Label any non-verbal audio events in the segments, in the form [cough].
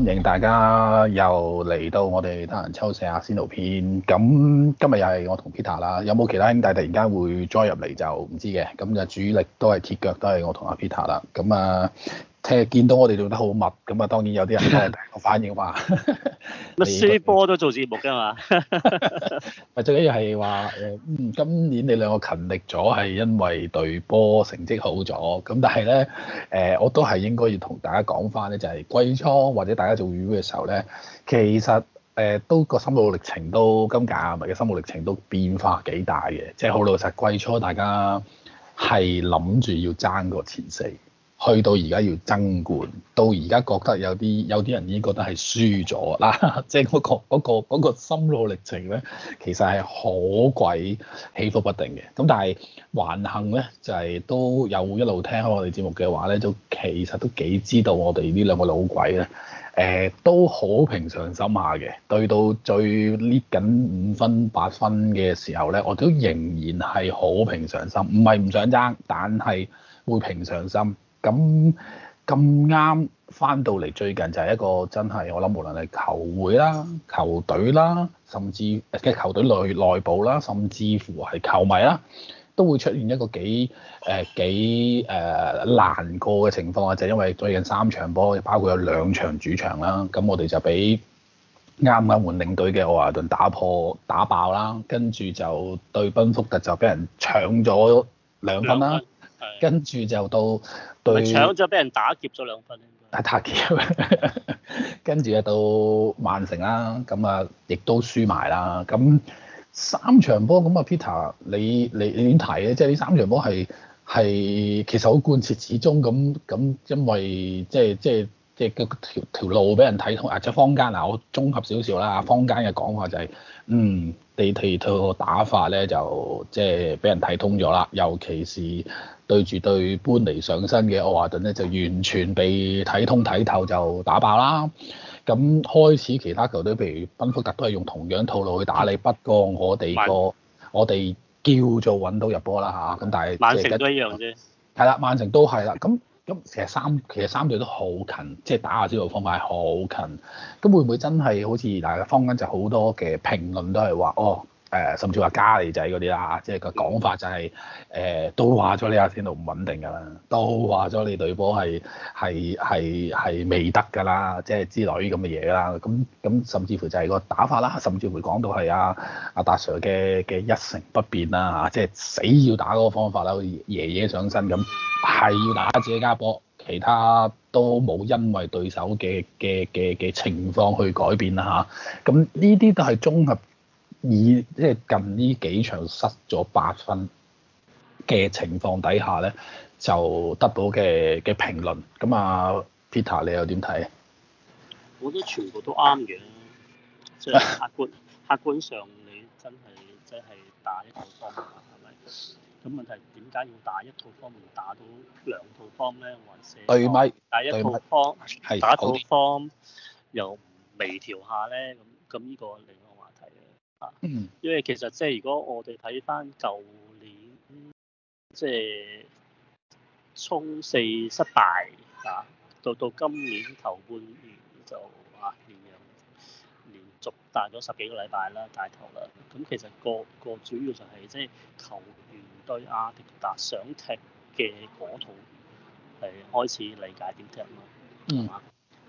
歡迎大家又嚟到我哋得閒抽射阿仙奴篇，咁今日又係我同 Peter 啦，有冇其他兄弟突然間會 join 入嚟就唔知嘅，咁就主力都係鐵腳，都係我同阿 Peter 啦，咁啊～聽見到我哋做得好密，咁啊當然有啲人咧反應話，輸波都做節目㗎嘛。咪最緊要係話誒，今年你兩個勤力咗，係因為隊波成績好咗。咁但係咧誒，我都係應該要同大家講翻咧，就係季初或者大家做預估嘅時候咧，其實誒、呃、都個心路歷程都今季阿迷嘅心路歷程都變化幾大嘅。即係好老實，季初大家係諗住要爭個前四。去到而家要爭冠，到而家覺得有啲有啲人已經覺得係輸咗嗱，即係嗰個嗰、嗰個嗰個、心路歷程咧，其實係好鬼起伏不定嘅。咁但係還幸咧，就係、係、都有一路聽開我哋節目嘅話咧，都其實都幾知道我哋呢兩個老鬼咧，誒、呃、都好平常心下嘅。對到最 lead 緊五分八分嘅時候咧，我都仍然係好平常心，唔係唔想爭，但係會平常心。咁咁啱返到嚟最近就係一個真係我諗，無論係球會啦、球隊啦，甚至嘅、欸、球隊內內部啦，甚至乎係球迷啦，都會出現一個幾誒、呃、幾誒、呃、難過嘅情況、啊，就係、是、因為最近三場波，包括有兩場主場啦，咁我哋就俾啱啱換領隊嘅愛華頓打破打爆啦，跟住就對賓福特就俾人搶咗兩分啦，跟住就到。咪對搶咗，俾人打劫咗兩分。打，打劫， [laughs] 跟住就到曼城啦，咁啊，亦都輸埋啦。咁三場波咁啊，Peter，你你你點睇咧？即係呢三場波係係其實好貫徹始終咁咁，因為即係即係即係個條、這個這個、路俾人睇通啊！即係坊間啊，我綜合少少啦，坊間嘅講話就係、是，嗯，達 sir 套打法咧就即係俾人睇通咗啦，尤其是。對住對搬離上身嘅奧華頓咧，就完全被睇通睇透就打爆啦。咁開始其他球隊譬如賓福特都係用同樣套路去打你，不過我哋個慢 我哋叫做揾到入波啦嚇。咁但係曼城都一樣啫。係啦，曼城都係啦。咁咁其實三其實三隊都好近，即係打下資料方面好近。咁會唔會真係好似大家坊間就好多嘅評論都係話哦。誒甚至話加尼仔嗰啲啦，即係個講法就係、是、誒、呃、都話咗呢阿天度唔穩定㗎啦，都話咗你隊波係係係係未得㗎啦，即、就、係、是、之類咁嘅嘢啦。咁咁甚至乎就係個打法啦，甚至乎講到係阿阿達 Sir 嘅嘅一成不變啦嚇，即、啊、係、就是、死要打嗰個方法啦，好似爺爺上身咁，係要打自己家波，其他都冇因為對手嘅嘅嘅嘅情況去改變啦嚇。咁呢啲都係綜合。以即係近呢幾場失咗八分嘅情況底下咧，就得到嘅嘅評論。咁啊，Peter，你又點睇啊？我覺得全部都啱嘅，即係客觀， [laughs] 客觀上你真係即係打一套方，係咪？咁問題點解要打一套方，唔打到兩套方咧？還是對米一套方米打一套方米又微調下咧？咁咁呢個嗯、因為其實即係如果我哋睇翻舊年，即係衝四失敗，啊，到到今年頭半年就啊連贏，連續大咗十幾個禮拜啦，大頭啦。咁其實、個個主要就係即係球員對阿迪達想踢嘅嗰套，係開始理解點踢咯。嗯。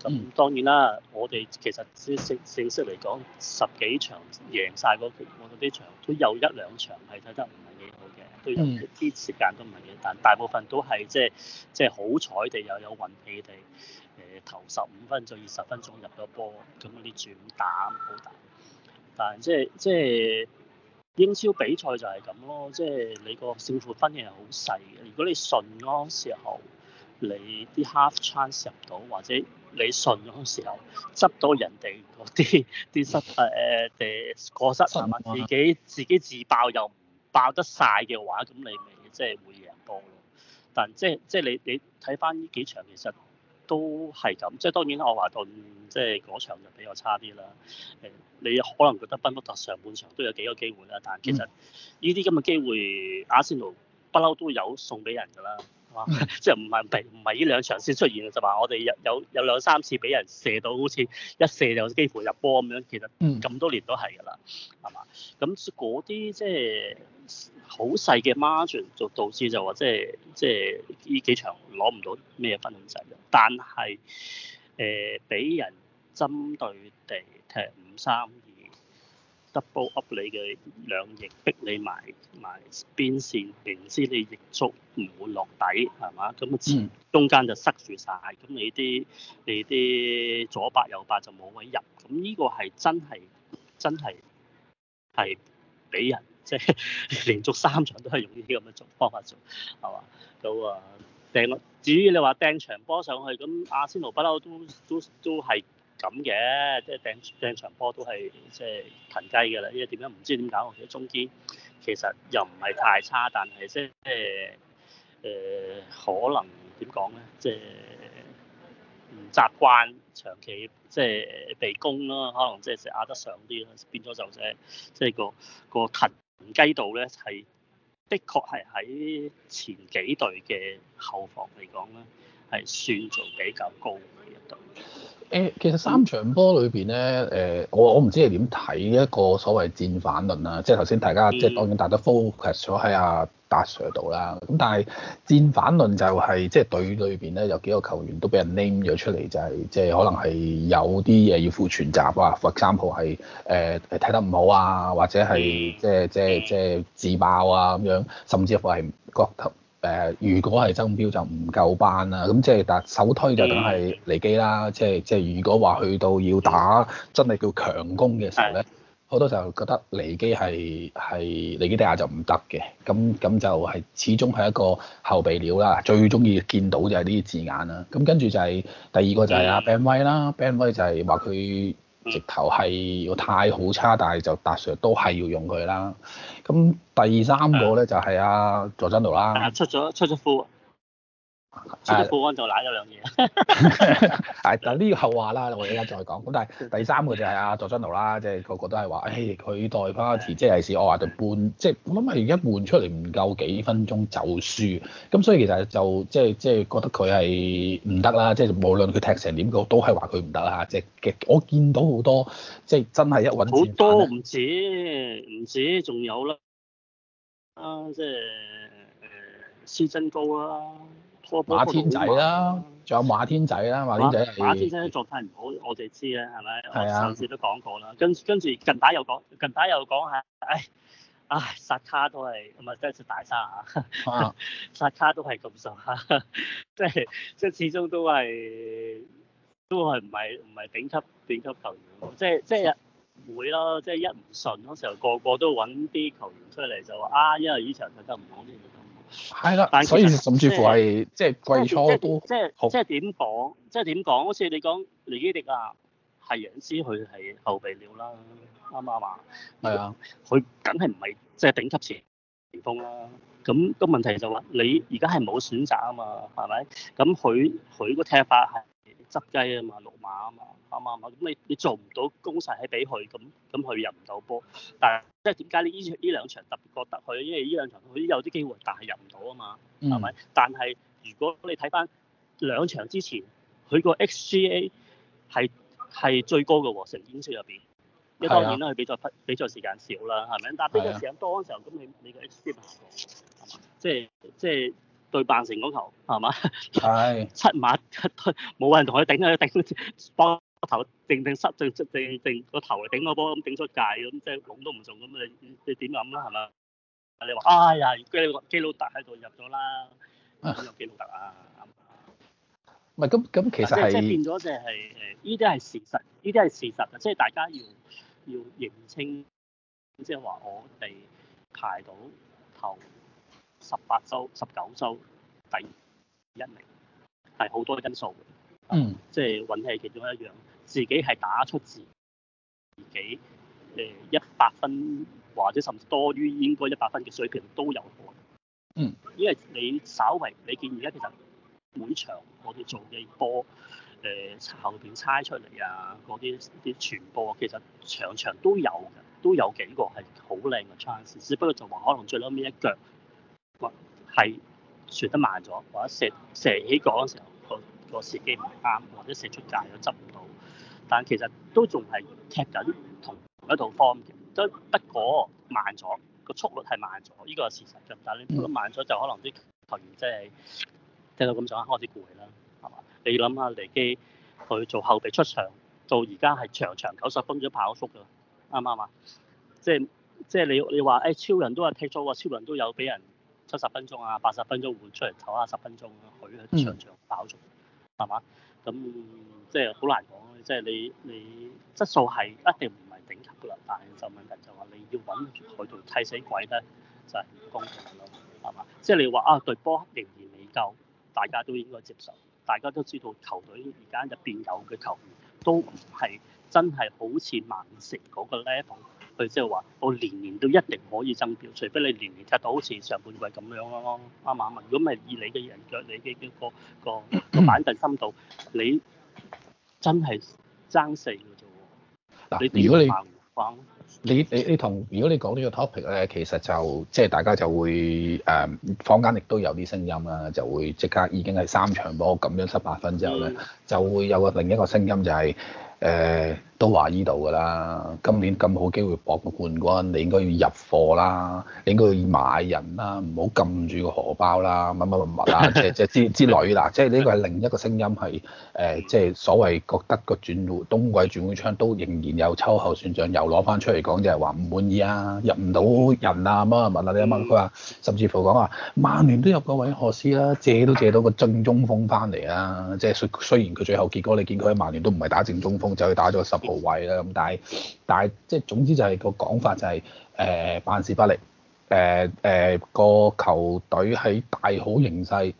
咁、嗯、當然啦，我哋其實即正正式嚟講，十幾場贏晒嗰嗰啲場，都有一兩場係睇得唔係幾好嘅，都有啲時間都唔係幾好，但大部分都係即即好彩地又有運氣地誒頭十五分鐘再二十分鐘入咗波，咁啲轉打好大。但係即即英超比賽就係咁咯，即係你個勝負分嘅係好細嘅。如果你順嗰時候，你啲 half chance 入到或者～你信嗰個時候，執到人哋啲啲失誒誒誒過失，自己自己自爆又爆得晒嘅話，咁你咪即係會贏波咯。但即係即係你你睇翻呢幾場其實都係咁，即係當然愛華頓即係嗰場就比較差啲啦。誒，你可能覺得賓福特上半場都有幾個機會啦，但其實呢啲咁嘅機會，阿仙奴不嬲都有送俾人㗎啦。 [noise] 即係唔係唔唔係呢兩場先出現啊？就話、是、我哋有有有兩三次俾人射到，好似一射就幾乎入波咁樣。其實咁多年都係㗎啦，係嘛？咁嗰啲即係好細嘅 margin 就導致就話即係即係呢幾場攞唔到咩分咁滯，但係誒俾人針對地踢五三。5, 3, 2, double up 你嘅兩翼逼你埋埋邊線，明知你翼足唔會落底係嘛？咁啊，中間就塞住晒。咁你啲你啲左八右八就冇位入。咁呢個係真係真係係俾人即係 [laughs] 連續三場都係用呢啲咁嘅做方法做係嘛？咁啊掟落至於你話掟場波上去咁，阿仙奴不嬲都都都係。咁嘅，即係掟掟場波都係即係騰雞㗎啦。因為點樣，唔知點搞，我覺得中堅其實又唔係太差，但係即係誒可能點講咧？即係唔習慣長期即係被攻咯，可能即係食壓得上啲咯，變咗就即即係個個騰雞度咧，係的確係喺前幾隊嘅後防嚟講咧，係算做比較高嘅一隊。誒，其實三場波裏邊咧，誒，我我唔知係點睇一個所謂戰反論啊。即係頭先大家即係、mm hmm. 當然大家 focus 咗喺阿達 Sir 度啦。咁但係戰反論就係、是、即係隊裏邊咧有幾個球員都俾人 name 咗出嚟，就係、是、即係可能係有啲嘢要負全責啊，或三號係誒睇得唔好啊，或者係即係即係即係自爆啊咁樣，甚至乎係割頭。誒，如果係爭標就唔夠班啦，咁即係達首推就梗係離機啦，即係即係如果話去到要打真係叫強攻嘅時候咧，好多時候覺得離機係係離機底下就唔得嘅，咁咁就係始終係一個後備料啦，最鍾意見到就係呢啲字眼啦，咁跟住就係第二個就係阿 Ben 威啦、mm.，Ben 威就係話佢直頭係要太好差，但係就達 sir 都係要用佢啦。咁第三個咧就係啊，佐、啊、真道啦，啊、出咗出咗貨。即係保安就瀨咗兩嘢，係，但係呢個後話啦，我而家再講。咁但係第三個就係阿、啊、佐真奴啦，即係個個都係話，誒，佢代 party，即係我外就半，即係我諗而家換出嚟唔夠幾分鐘就輸，咁所以其實就即係即係覺得佢係唔得啦，即係無論佢踢成點，個都係話佢唔得啦吓，即係嘅。我見到好多即係真係一搵好多唔止，唔止，仲有啦，啊，即係誒，施真高啦。馬天仔啦，仲有馬天仔啦，馬天仔係馬天，身啲狀態唔好，我哋知啦，係咪？是啊、上次都講過啦，跟跟住近排又講，近排又講下，唉，薩、啊、卡都係，唔係真係大沙。哈哈啊！薩卡都係咁上，即係即係始終都係都係唔係唔係頂級頂級球員，即係即係會咯，即、就、係、是、一唔順嗰時候，個個都揾啲球員出嚟就話啊，因為以場踢得唔好。係啦，但所以甚至乎係即係季初都即係是即係點講？即係點講？好似你講尼基迪啊，係人都知佢係後備料啦，啱唔啱啊？係啊，佢梗係唔係即係頂級前鋒啦？咁、個問題就話、是、你而家係冇選擇啊嘛，係咪？咁佢佢個踢法係執雞啊嘛，六碼啊嘛。啱啱咁你你做唔到攻勢喺俾佢，咁咁佢入唔到波。但即係點解呢？呢呢兩場特別覺得佢，因為呢兩場佢有啲機會，但係入唔到啊嘛。嗯。係咪？但係如果你睇翻兩場之前，佢個 XGA 係係最高嘅喎，成英超入邊。一因為當然啦，佢、啊、比賽比比賽時間少啦，係咪？但比賽時間多嘅時候，咁、啊、你你個 XGA 下降。係嘛？即係即係對曼城嗰球，係嘛？係是。 [laughs] 七碼七推，冇人同佢頂啊！頂個頭定定失定出定定個頭頂個波咁頂出界咁，即係攏都唔中咁啊！你點諗啦？係嘛？你話哎呀，基老特喺度入咗啦，有基老特啊？唔係咁咁，其實係即係變咗就係誒，呢啲係事實，呢啲係事實，即係大家要要認清，即係話我哋排到頭十八周、十九周第一名，係好多因素嘅，嗯，即係運氣其中一樣。自己係打出自己自己誒一百分，或者甚至多於應該一百分嘅水平都有可能。嗯，因為你稍為你見而家其實每場我哋做嘅波誒，後邊猜出嚟啊，嗰啲啲傳波，其實場場都有嘅，都有幾個係好靚嘅 chance 只不過就話可能最撈尾一腳或係傳得慢咗，或者射射起角嗰時候，那個個時機唔啱，或者射出界咗執唔到。但其實都仲係踢緊同一套方嘅，得不過慢咗，個速率係慢咗，呢個係事實嘅。但係你如果慢咗，就可能啲球員即係踢到咁上下開始攰啦，係嘛？你諗下機，嚟基去做後備出場到而家係場場九十分鐘，仲跑速㗎，啱唔啱啊？即係即係你你話誒超人都話踢左超人都有俾人七十分鐘啊、八十分鐘換出嚟唞下十分鐘，佢喺場場跑速，係嘛？咁即係好難講。即係你你質素係一定唔係頂級噶啦，但係就問題就話你要揾住佢做替死鬼咧，就係唔公平咯，係嘛？即係你話啊，隊波仍然未夠，大家都應該接受。大家都知道球隊而家入邊有嘅球員都唔係真係好似曼城嗰個 level，佢即係話我年年都一定可以爭標，除非你年年踢到好似上半季咁樣咯，阿馬文。如果唔係以你嘅人腳、你嘅嘅個個板凳深度，你？真係爭四個啫喎！嗱，如果你你你同如果你講呢個 topic 咧，其實就即係大家就會誒坊間亦都有啲聲音啊，就會即刻已經係三場波咁樣失八分之後咧，嗯、就會有個另一個聲音就係、是、誒。呃都話依度㗎啦，今年咁好機會博個冠軍，你應該要入貨啦，你應該要買人啦，唔好撳住個荷包啦，乜乜乜啊，即係即之之類啦，即係呢個係另一個聲音係誒、呃，即係所謂覺得個轉會冬季轉會窗都仍然有秋後算帳，又攞翻出嚟講就係話唔滿意啊，入唔到人啊，乜乜乜啊，你一問佢話，甚至乎講話曼聯都入個韋高斯特啦，借都借到個正中鋒翻嚟啊，即係雖然佢最後結果你見佢喺曼聯都唔係打正中鋒，就去打咗十。無謂啦，咁但係但係即係總之就係個講法就係、是、誒、呃、辦事不力，誒、呃、誒、呃、個球隊喺大好形勢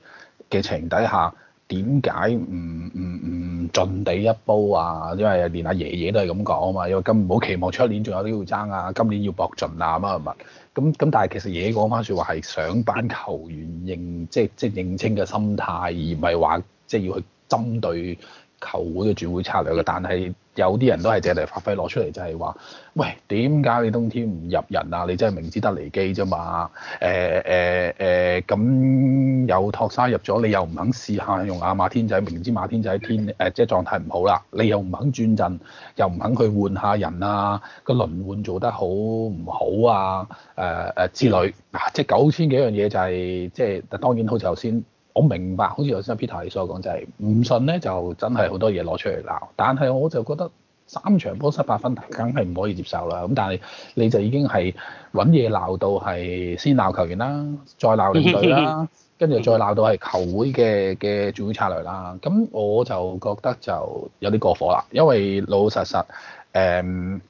嘅情底下，點解唔唔唔盡地一煲啊？因為連阿、啊、爺爺都係咁講啊嘛，因為今唔好期望出年仲有啲要爭啊，今年要博盡啊咁啊物。咁咁但係其實爺爺講返説話係想班球員認即係即係認清嘅心態，而唔係話即係要去針對。球會嘅轉會策略嘅，但係有啲人都係借嚟發揮攞出嚟，就係話：喂，點解你冬天唔入人啊？你真係明知得嚟機啫嘛！誒誒誒，咁、呃、有、呃嗯、托沙入咗，你又唔肯試下用亞、啊、馬天仔，明知馬天仔天誒、呃、即係狀態唔好啦，你又唔肯轉陣，又唔肯去換下人啊？個輪換做得好唔好啊？誒、呃、誒之類嗱、啊，即係九千幾樣嘢就係、是、即係，當然好似頭先。我明白，好似頭先 Peter 你所講，就係、是、唔信咧，就真係好多嘢攞出嚟鬧。但係我就覺得三場波失八分，梗係唔可以接受啦。咁但係你就已經係揾嘢鬧到係先鬧球員啦，再鬧領隊啦，跟住再鬧到係球會嘅嘅總會策略啦。咁我就覺得就有啲過火啦，因為老老實實誒，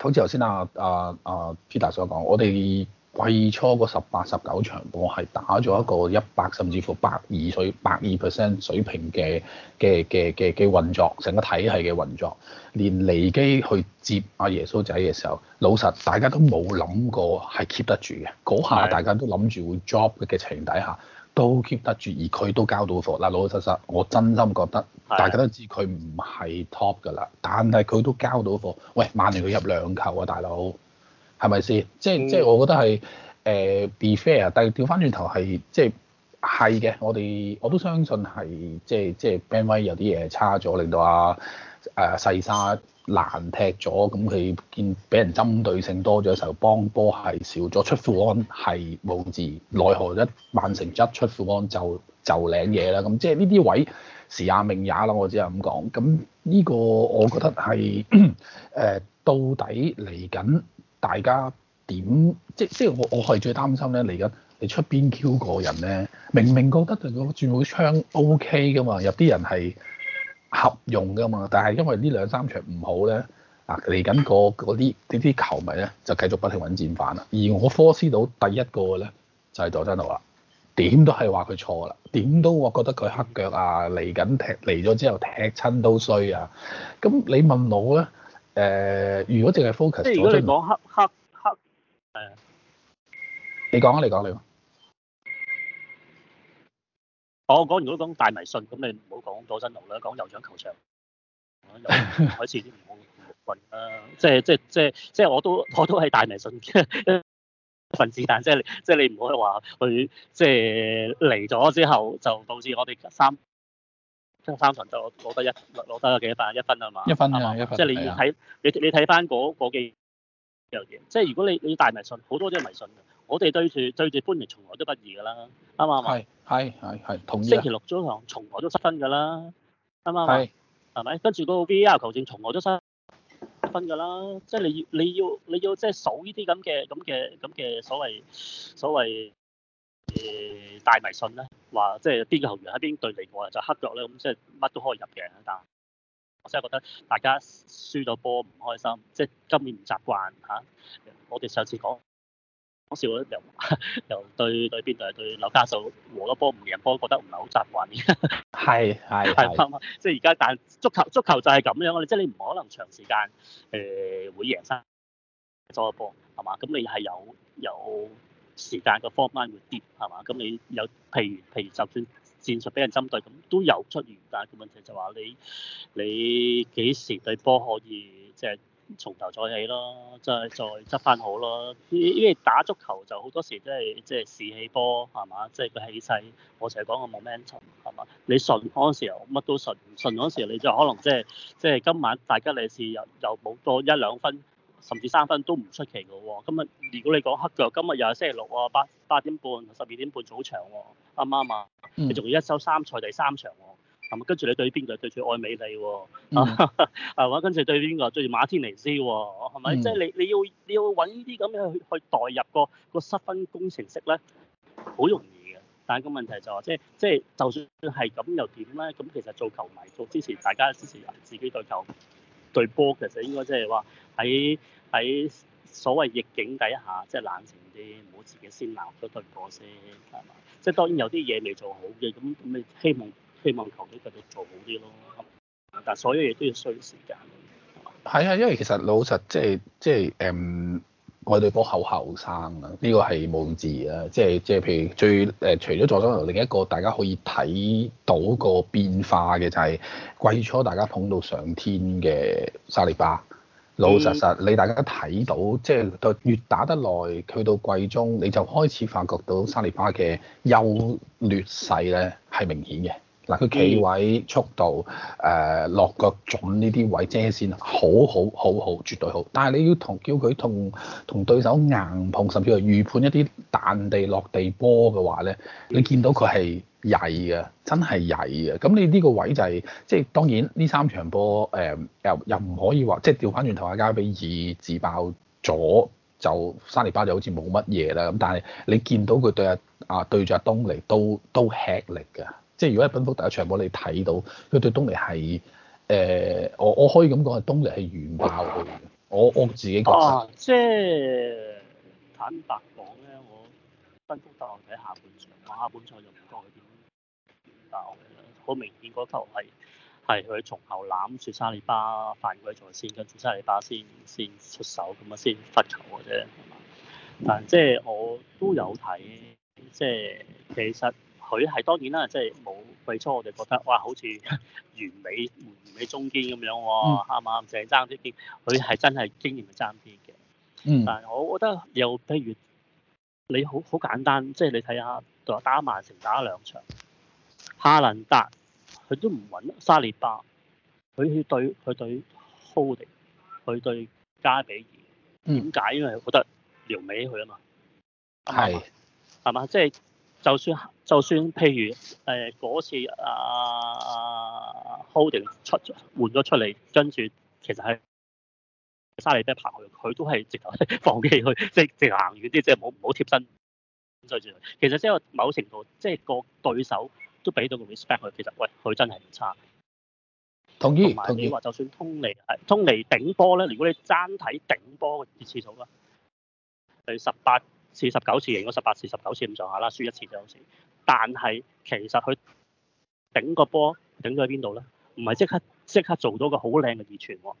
好似頭先啊啊啊 Peter 所講，我哋。季初個十八十九場我係打咗一個一百甚至乎百二水百二 percent 水平嘅、嘅嘅嘅嘅運作，成個體系嘅運作，連離機去接阿耶穌仔嘅時候，老實大家都冇諗過係 keep 得住嘅，嗰下大家都諗住會 drop 嘅情底下都 keep 得住，而佢都交到貨。嗱，老老實實，我真心覺得大家都知佢唔係 top 㗎啦，但係佢都交到貨。喂，曼聯佢入兩球啊，大佬！係咪先？即係即係，我覺得係誒、呃、be fair 但。但係調翻轉頭係即係係嘅。我哋我都相信係即係即係 Ben 威有啲嘢差咗，令到啊誒細、啊、沙難踢咗。咁佢見俾人針對性多咗時候，幫波係少咗出庫安係冇字。奈何一曼成一出庫安就就領嘢啦。咁即係呢啲位時也命也啦，我只就咁講。咁呢個我覺得係誒到底嚟緊。大家點即即我我係最擔心咧嚟緊你出邊 Q 個人咧，明明覺得個轉會窗 OK 噶嘛，有啲人係合用噶嘛，但係因為呢兩三場唔好咧，嗱嚟緊嗰啲啲啲球迷咧就繼續不停揾戰犯啦。而我科斯島第一個咧就係佐真奴啦，點都係話佢錯啦，點都我覺得佢黑腳啊嚟緊踢嚟咗之後踢親都衰啊！咁你問我咧？誒，如果淨係 focus，即係如果你講黑黑黑，誒，你講啊，你講你講。我講如果講大迷信，咁你唔好講佐真奴啦，講酋長球場。海線唔唔好訓啦，即係即係即係即係我都我都係大迷信嘅份子，但即係即係你唔好話佢即係嚟咗之後就導致我哋三。即三場就攞得一，攞得幾多分？一分啊嘛，一分啊，吧一分。即係你要睇、啊，你你睇翻嗰嗰幾樣嘢。即係如果你你大迷信，好多都係迷信嘅。我哋對住對住曼城，從來都不易㗎啦，啱嘛？係係係係，同意。星期六早上從來都失分㗎啦，啱嘛？係咪是？跟住嗰個 VR 球證從來都失分㗎啦。即係你，你，你要你要你要，你要，你要即係數呢啲咁嘅咁嘅咁嘅所謂這這所謂誒大迷信啦。話即係邊個球員喺邊對你過啊。就係、黑咗咧，咁即係乜都可以入嘅。但我真係覺得大家輸咗波唔開心，即係今年唔習慣嚇、啊。我哋上次講講笑又又對對邊隊？就係對劉家秀和一波唔贏波，覺得唔係好習慣。係係吧即係而家但足球足球就係咁樣嘅，即係你唔可能長時間誒、呃、會贏三多一波係嘛？咁你係有有。有有有時間嘅 form 會跌係嘛？咁你有譬如譬如，譬如就算戰術俾人針對，咁都有出現，但係個問題就話你你幾時對波可以即係從頭再起咯？即係再執翻好咯。因為打足球就好多時都係即係士氣波係嘛？即係個氣勢。我成日講個 momentum 係嘛？你順嗰陣時又乜都順，順嗰陣時你就可能即係即係今晚大吉利是又又冇多一兩分。甚至三分都唔出奇嘅喎、哦，今日如果你講黑腳，今日又係星期六喎、哦，八八點半十二點半早場喎、哦，啱唔啱啊？你仲、嗯、要一周三賽第三場喎、哦，係咪？跟住你對邊個？對住愛美利喎、哦，係咪、嗯？ [laughs] 跟住對邊個？對住馬天尼斯喎、哦，係咪？即係、嗯、你你要你要搵呢啲咁樣去去代入個個失分工程式咧，好容易嘅。但係個問題就係即係即係，就算係咁又點咧？咁其實做球迷做支持大家支持自己，自己對球。對波其實應該即係話喺喺所謂逆境底下，即係冷靜啲，唔好自己先鬧咗對波先，係嘛？即係當然有啲嘢未做好嘅，咁咁你希望希望求其繼續做好啲咯，但係所有嘢都要需要時間。係啊，因為其實老實即係即係誒。就是嗯我哋波好後生啊！呢個係冇用字啊，即係即係譬如最誒，除咗助攻，另一個大家可以睇到個變化嘅就係、是、季初大家捧到上天嘅沙利巴，老實實你大家睇到，即係到越打得耐，去到季中你就開始發覺到沙利巴嘅優劣勢咧係明顯嘅。嗱，佢企位速度，誒、呃、落腳準呢啲位遮先，好好好好，絕對好。但係你要同叫佢同同對手硬碰，甚至係預判一啲彈地落地波嘅話咧，你見到佢係曳啊，真係曳啊！咁你呢個位就係、是、即係當然呢三場波誒、呃、又又唔可以話即係調翻轉頭阿加比爾自爆咗，就沙利巴就好似冇乜嘢啦咁，但係你見到佢對阿啊對住阿東尼都都，都吃力㗎。即係如果喺賓福特嘅場波，你睇到佢對東尼係誒，我、呃、我可以咁講係東尼係完爆佢嘅。我我自己覺得、啊。即係坦白講咧，我賓福特我睇下半場，我下半場就唔覺佢點爆。好明顯嗰球係佢從後攬住沙利巴，犯規在先，跟住沙利巴先先出手咁樣先罰球嘅啫。但即係我都有睇、嗯嗯，即係其實。佢係當然啦，即係冇最初我哋覺得哇，好似完美完美中堅咁樣喎，啱唔啱？成爭啲啲，佢係真係經驗爭啲嘅。嗯。但係我覺得又譬如你好好簡單，即係你睇下，就打曼城打兩場，哈蘭達佢都唔揾沙利巴，佢對佢對，對 Holding，佢對加比爾，點解，嗯？因為我覺得撩尾佢啊嘛，係係嘛？即係是。就算就算，就算譬如誒，呃，嗰次啊，Holding 出換咗出嚟，跟住其實係沙里巴行佢都係直頭放棄去，即係直行遠啲，即係唔好貼身追住。其實即係某程度，即係個對手都俾到個 respect 佢。其實喂，佢真係唔差。同意，同埋你話就算通利，通利頂波咧，如果你齋睇頂波嘅次數啦，第十八。四十九次贏咗，十八次、十九次咁上下啦，輸一次就好似。但係其實佢頂個波頂咗喺邊度咧？唔係即刻即刻做到個好靚嘅二傳喎，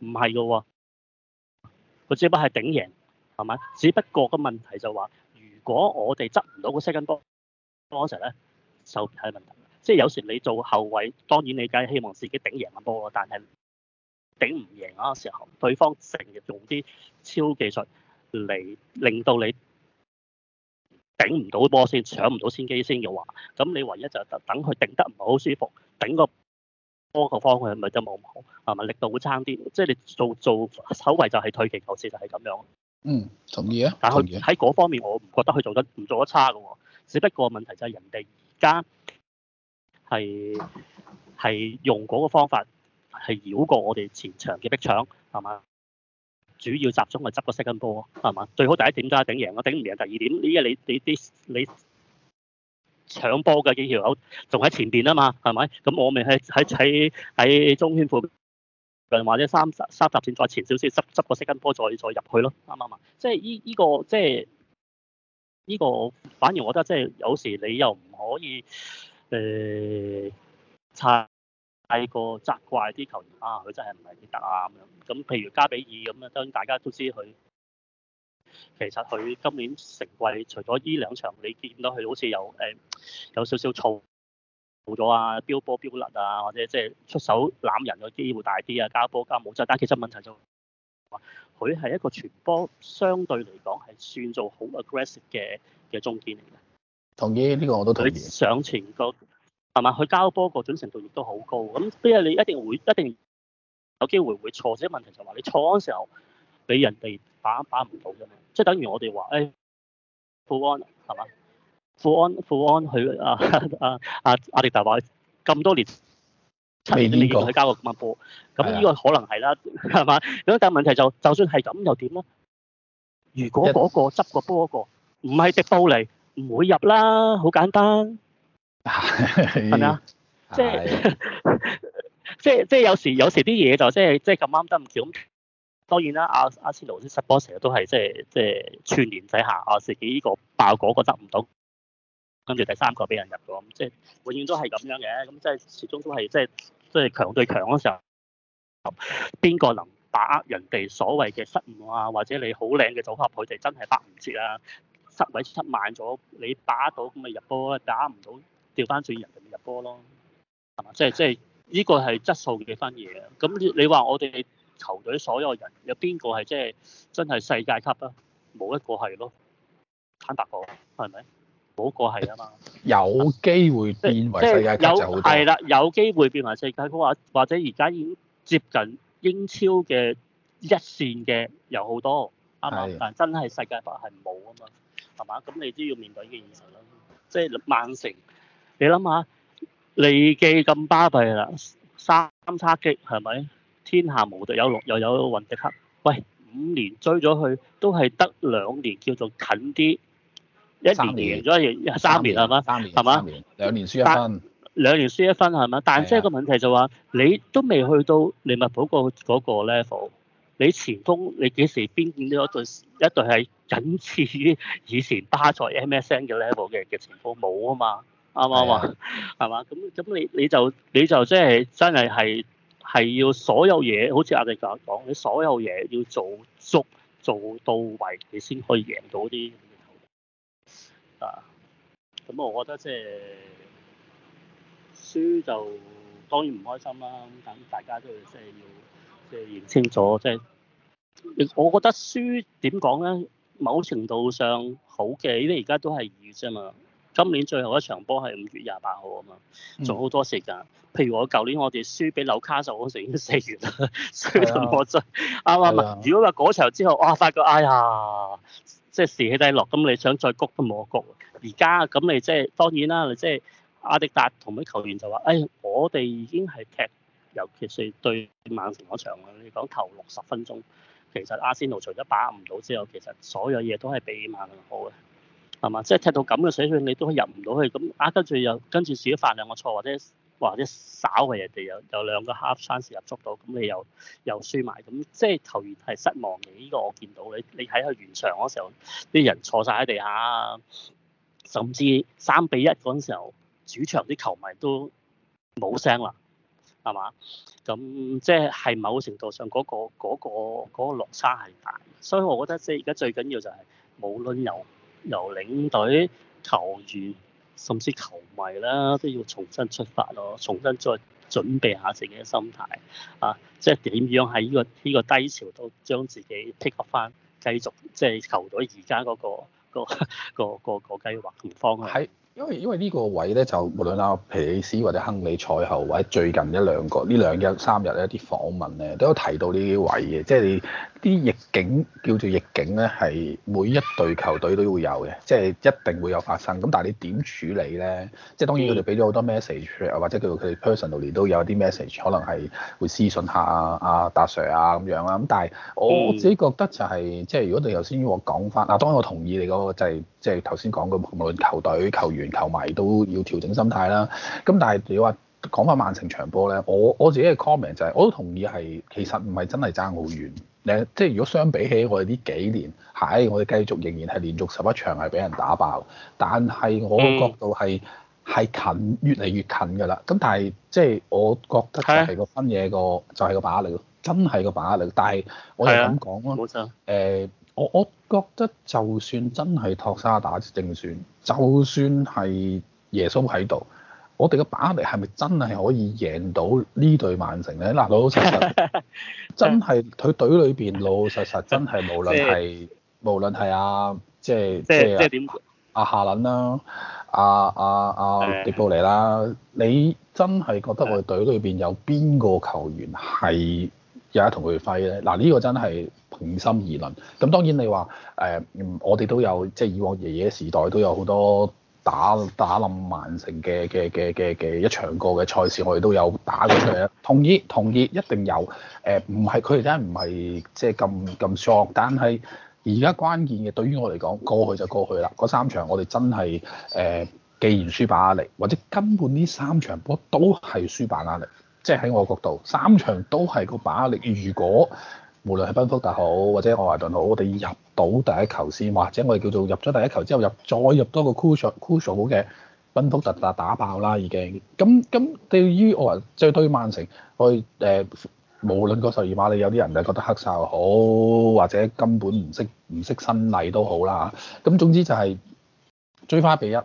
唔係嘅喎。佢只不係頂贏係咪？只不過個問題就話，如果我哋執唔到個 second 波波嗰時咧，就係問題。即係有時你做後衞，當然你梗係希望自己頂贏粒波咯，但係頂唔贏嗰時候，對方成日用啲超技術嚟令到你。頂唔到波先，搶唔到先機先嘅話，咁你唯一就等佢頂得唔係好舒服，頂個波嘅方向咪就冇咁好係咪？力度會差啲，即係你做做手位就係退而求其次，就係咁樣。嗯，同意啊。但係喺嗰方面，我唔覺得佢做得唔做得差嘅喎，只不過問題就係人哋而家係係用嗰個方法係繞過我哋前場嘅逼搶，係咪？主要集中係執個色根波啊，係嘛？最好第一點都係頂贏我頂唔贏。第二點，呢家你你啲你，你搶波嘅幾條友，仲喺前邊啊嘛，係咪？咁我咪喺喺喺喺中圈附近，或者三十三十線再前少少執執個色根波，再再入去咯，啱唔啱？即係呢依個即係呢個，這個，反而我覺得即係有時你又唔可以誒查。呃太過責怪啲球員啊，佢真係唔係幾得啊咁樣。咁譬如加比爾咁樣，當然大家都知佢其實佢今年成季除咗依兩場，你見到佢好似有誒、欸、有少少躁躁咗啊，飆波飆甩啊，或者即係出手攬人嘅機會大啲啊，加波加帽仔。但係其實問題就話佢係一個傳波相對嚟講係算做好 aggressive 嘅嘅中堅嚟嘅。同意呢、呢個我都同意。佢上前嗰、嗰個。係嘛？佢交波個準繩度亦都好高，咁即係你一定會一定有機會會錯，只問題就係話你錯嗰時候俾人哋把把唔到啫。即係、就是、等於我哋話誒富安係嘛？富安富安佢啊啊啊阿力大話咁多年，七年你都未交過咁樣波，咁呢個可能係啦，係嘛是、啊？咁但係問題就是、就算係咁又點咧？如果嗰個執個波個唔係迪布嚟，唔會入啦，好簡單。係咪啊？即係即係即係有時有時啲嘢就、就是、即係即係咁啱得唔少，當然啦、啊。阿阿仙奴啲失波成日都係即係即係串連仔下，啊，自己呢個爆嗰個得唔到，跟住第三個俾人入咗咁，即係永遠都係咁樣嘅。咁即係始終都係即係即係強對強嗰時候，邊個能把握人哋所謂嘅失誤啊？或者你好靚嘅組合，佢哋真係打唔切啊！失位失慢咗，你打到咁咪入波咯，打唔到。調翻轉人入波咯，係嘛？即係即係呢個係質素嘅分野。咁你話我哋球隊所有人有邊個係即係真係世界級啊？冇一個係咯，坦白講，係咪？冇個係啊嘛。有機會變為世界級有就好多。係啦，有機會變為世界級，或或者而家已經接近英超嘅一線嘅有好多，啱啱的？但真係世界級係冇啊嘛，係嘛？咁你都要面對呢件事實啦。即係曼城。你諗下，利記咁巴閉啦，三叉戟係咪天下無敵？有六，又有，有雲迪克，喂，五年追咗去都係得兩年，叫做近啲，一年贏咗，一年，三年係嘛？三年係嘛吧？兩年輸一分，兩年輸一分係嘛？是啊、但係即係個問題就話、是，你都未去到利物浦、那個嗰、那個 level，你前鋒你幾時邊見到一隊一隊係僅次於以前巴塞 M S N 嘅 level 嘅嘅前鋒冇啊嘛？啱啱啊嘛，係嘛？咁咁 [laughs] [laughs] 你你就你就即係真係係係要所有嘢，好似阿力講，你所有嘢要做足做到位，你先可以贏到啲啊。咁我覺得即係輸就當然唔開心啦。咁大家都即係要即係認清楚，即係我覺得輸點講咧，某程度上好嘅，因為而家都係二月啫嘛。今年最後一場波係五月廿八號啊嘛，仲好多時間。嗯、譬如我舊年我哋輸俾紐卡索，嗰時已經四月啦，水晶廣場。啱啊！如果話嗰場之後，哇，發覺哎呀，即係士氣低落，咁你想再谷都冇得谷。而家咁你即係當然啦，你即係阿迪達同啲球員就話，哎，我哋已經係踢，尤其是對曼城嗰場，你講頭六十分鐘，其實阿仙奴除咗把握唔到之外，其實所有嘢都係比曼城好嘅。係嘛？即係踢到咁嘅水平，你都入唔到去。咁啊，跟住又跟住自己犯兩個錯，或者或者稍為人哋有有兩個 half chance 入足到，咁、嗯、你又又輸埋。咁、嗯、即係球員係失望嘅。呢、呢個我見到嘅。你喺佢完場嗰時候，啲人坐晒喺地下啊，甚至三比一嗰陣時候，主場啲球迷都冇聲啦，係嘛？咁、嗯、即係係某程度上嗰、嗰個嗰、嗰個嗰個、落差係大。所以我覺得即係而家最緊要就係無論有。由領隊、球員，甚至球迷啦，都要重新出發咯，重新再準備下自己嘅心態啊！即係點樣喺呢、這個呢、這個低潮度，將自己 t a k up 翻，繼續即係球隊而家嗰個個個個個,個計劃同方啊！係，因為因為呢個位咧，就無論阿皮里斯或者亨利賽後，或者最近一兩個呢兩日三日咧，一啲訪問咧，都有提到呢啲位嘅，即係你。啲逆境叫做逆境咧，係每一隊球隊都會有嘅，即係一定會有發生。咁但係你點處理咧？即係當然佢哋俾咗好多 message，或者叫佢哋 person 度連都有啲 message，可能係會私信下啊，阿達 Sir 啊咁樣啦。咁但係我自己覺得就係、是、即係如果你頭先我講法啊，當然我同意你嗰個就係、是、即係頭先講嘅，無論球隊、球員、球迷都要調整心態啦。咁但係你話講翻曼城場波咧，我我自己嘅 comment 就係、是、我都同意係其實唔係真係爭好遠。誒，即係如果相比起我哋呢幾年，係、哎、我哋繼續仍然係連續十一場係俾人打爆，但係我個角度係係近越嚟越近㗎啦。咁但係即係我覺得就係個分野個就係個把握力咯，真係、啊、個把握力。但係我係咁講咯，冇錯，誒、啊呃，我我覺得就算真係托沙打正選，就算係耶穌喺度，我哋嘅把握力係咪真係可以贏到對呢隊曼城咧？嗱，老實。 [laughs] 真係佢隊裏邊老老實實，真係無論係是無論係阿、啊、即係即係點阿夏蘭啦，阿阿阿迪布尼啦，你真係覺得我哋隊裏邊有邊個球員係有得同佢揮咧？嗱、啊、呢、這個真係平心而論。咁當然你話誒、嗯，我哋都有即係以往爺爺時代都有好多。打打冧曼城嘅嘅嘅嘅嘅一場過嘅賽事，我哋都有打過出嚟啦。同意同意，一定有誒，唔係佢哋真係唔係即係咁咁弱，但係而家關鍵嘅對於我嚟講，過去就過去啦。嗰三場我哋真係誒、呃，既然輸把握力，或者根本呢三場波都係輸把握力，即係喺我角度，三場都係個把握力。如果無論係奔福特好，或者愛華頓好，我哋入到第一球先，或者我哋叫做入咗第一球之後入再入多個 Kusho Kusho 嘅奔福特達，打，打，打，打爆啦，已經。咁咁對於愛華，即、就、係、是、對曼城，我哋誒、呃、無論個十二碼，里有啲人就覺得黑哨好，或者根本唔識唔識新例都好啦。咁總之就係追返比一，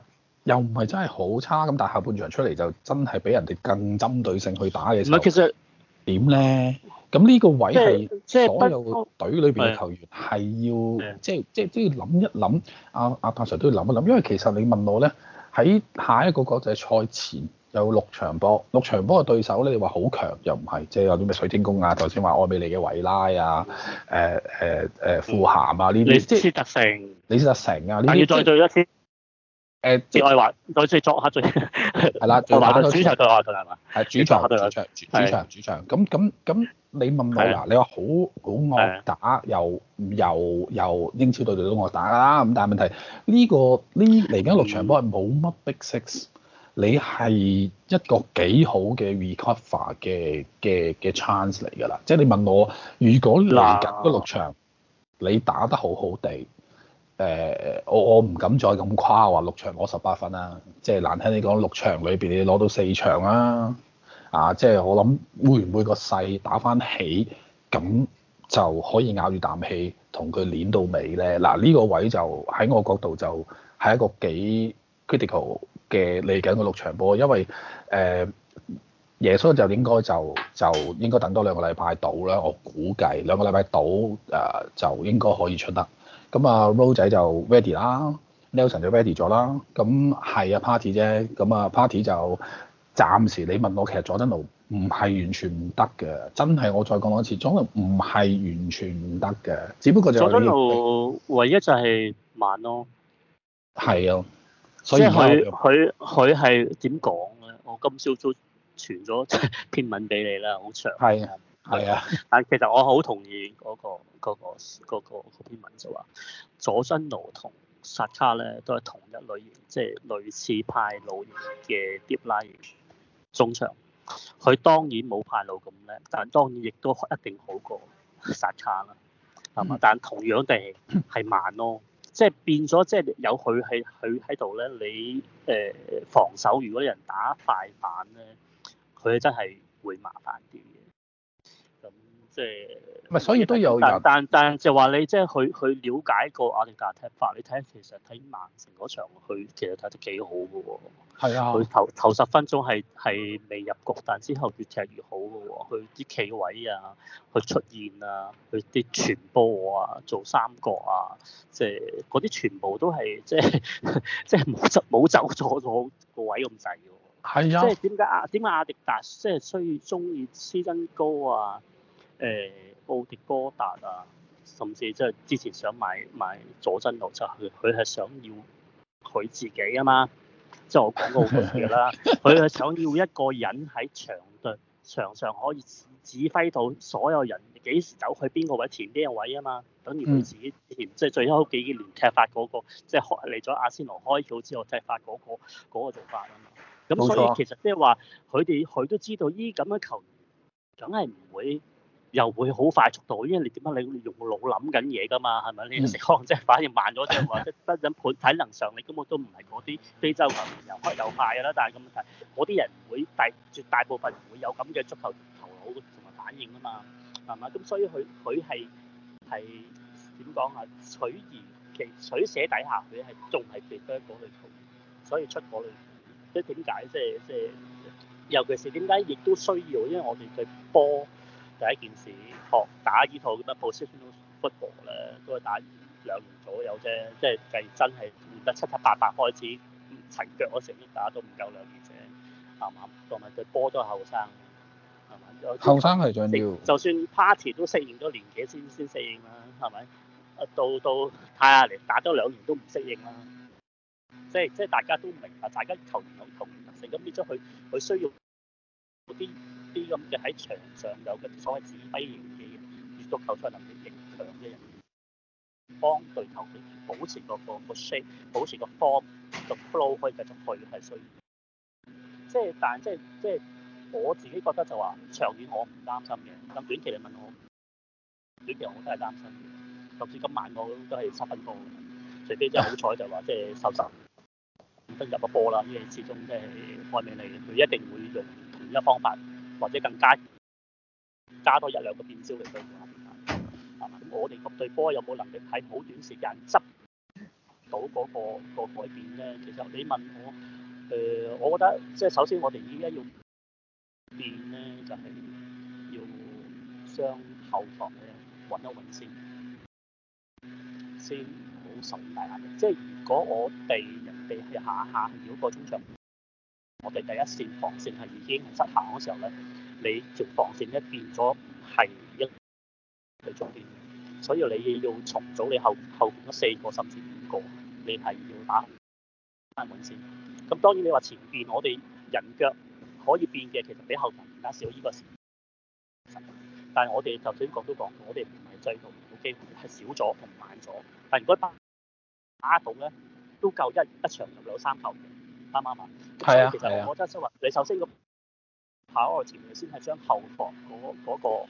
又唔係真係好差。咁但係後半場出嚟就真係俾人哋更針對性去打嘅時候。其實。點咧？咁呢個位係所有隊裏邊嘅球員係要，即係即係都要諗一諗。阿阿達 Sir 都要諗一諗，因為其實你問我咧，喺下一個國際賽前有六場波，六場波嘅對手咧，你話好強又唔係，即係有啲咩水晶宮啊，頭先話愛美利嘅維拉啊，誒誒誒富咸啊呢啲，李斯特城，李斯特城啊，等你再做一次。誒只可以話，再再、嗯就是、作下最，係啦。我話個主場，佢話佢係咪？係主，主，的主場，主場，主場，主場。咁咁咁，你問我啦？的你話好好惡打，的又又又英超隊隊都惡打啦。咁但係問題呢、呢個呢嚟緊六場波係冇乜 Big Six。你係一個幾好嘅 recover 嘅嘅嘅 chance 嚟㗎啦。即係你問我，如果嚟緊嗰六場你打得好好地。嗯誒、呃，我我唔敢再咁誇話六場攞十八分啦、啊，即係難聽你講六場裏邊攞到四場啦、啊，啊，即係我諗會唔會個勢打翻起，咁就可以咬住啖氣同佢攣到尾咧。嗱、啊、呢、呢個位就喺我角度就係一個幾 critical 嘅嚟緊嘅六場波，因為誒、呃、耶穌就應該就就應該等多兩個禮拜到啦，我估計兩個禮拜到誒就應該可以出得。咁啊，Row 仔就 ready 啦 Nelson 就 ready 咗啦。咁係啊，party 啫。咁啊，party 就暫時你問我，其實佐真奴唔係完全唔得嘅，真係我再講多次，佐真奴唔係完全唔得嘅，只不過就係、佐真奴唯一就係慢咯，係啊，所以佢佢佢係點講咧？我今朝早傳咗篇文俾你啦，好長。係啊。係啊，但其實我好同意嗰個嗰個嗰個嗰篇文就話，佐真奴同薩卡咧都係同一類型，即係類似派路嘅 deep lying 中場。佢當然冇派路咁叻，但當然亦都一定好過薩卡啦，係嘛？ [laughs] 但同樣地係慢咯，即係變咗即係有佢喺佢喺度咧，你誒防守如果人打快板咧，佢真係會麻煩啲。即係唔係？所以都有人。但但，但就話你即係去去了解過阿迪達踢法，你睇下其實睇曼城嗰場，佢其實踢得幾好嘅喎、哦。係啊。佢頭頭十分鐘係係未入局，但之後越踢越，越好嘅喎、哦。佢啲企位啊，佢出現啊，佢啲傳波啊，做三角啊，即係嗰啲全部都係即係 [laughs] 即係冇走冇走錯咗個位咁滯嘅。係啊。即係點解亞點解阿迪達即係需要中意辛真高啊？誒、欸、奧迪哥達啊，甚至即係之前想買買佐真奴，即佢佢係想要佢自己啊嘛。即、就、係、是、我講過好多次啦，佢係 [laughs] 想要一個人喺場對場上可以指揮到所有人幾時走去邊個位填邊個位啊嘛。等於佢自己填，即係、嗯、最後幾年踢法嗰、那個，即係嚟咗阿仙奴開竅之後踢、就是、法嗰、那個嗰、那個、做法啊嘛。咁所以其實即係話佢哋佢都知道，依咁嘅球員，梗係唔會。又會好快速度，因為你點解你用腦諗緊嘢㗎嘛？係咪？你食康即係反應慢咗，即係話即係得緊盤體能上，你根本都唔係嗰啲非洲球員又黑又快㗎啦。但係咁但係，我啲人唔會大絕大部分唔會有咁嘅足球頭腦同埋反應㗎嘛？係咪？咁所以佢佢係係點講啊？取而其取捨底下，佢係仲係 prefer 所以出嗰類球。即係點解？即係即係，尤其是點解亦都需要？因為我哋對波。第一件事學打呢套咁樣 position football 咧，都係打兩年左右啫，即係計真係練得七七八八開始，唔齊腳我成日打都唔夠兩年啫，啱啱？同埋對波都係後生，係後生係重要。就算 party 都適應咗年幾先先適應啦，係咪？啊，到到睇下嚟打多兩年都唔適應啦，即係即係大家都明白，大家球員有同性，咁變咗，佢佢需要嗰啲。啲咁嘅喺場上有嘅所謂指揮型嘅人，閱讀球賽能力極強嘅人，幫隊球隊保持個個個 shape，保持個 form，個 flow 可以繼續去嘅係需要。即係，但係即係即係我自己覺得就話長遠我唔擔心嘅。咁短期你問我，短期我都係擔心嘅。甚至今晚我都係十分高嘅，除非真係好彩就話即係守唔得入個波啦。因為始終即係外面嚟，佢一定會用同一方法。或者更加加多一兩個變焦嚟、啊、對付下邊我哋咁對波有冇能力喺好短時間執到嗰、嗰個改、嗰個、變咧？其實你問我，誒、呃，我覺得即係首先我哋依家要變咧，就係、是、要將後防咧揾一揾先，先好受大壓力。即係如果我哋人哋下下繞過中場。我哋第一線防線係已經失效嗰時候咧，你條防線變一變咗係一隊中變，所以你要重組你後後方嗰四個甚至五個，你係要打安穩線。咁當然你話前邊我哋人腳可以變嘅，其實比後防更加少呢個時，但係我哋頭先講都講過，我哋唔係追到好機會，係少咗同慢咗。但係如果打打一洞咧，都夠一一場入有三球。啱啱啊！其實我真係想話，你首先個考我前面先係將後防嗰嗰個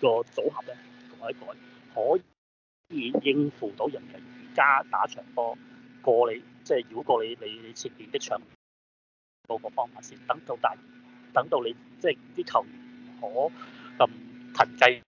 個組合咧，改改，可以應付到人嘅。而家打長波過你，即係繞過你你你前面的長波個方法先。等到大，等到你即係啲球員可咁騰雞。 [music]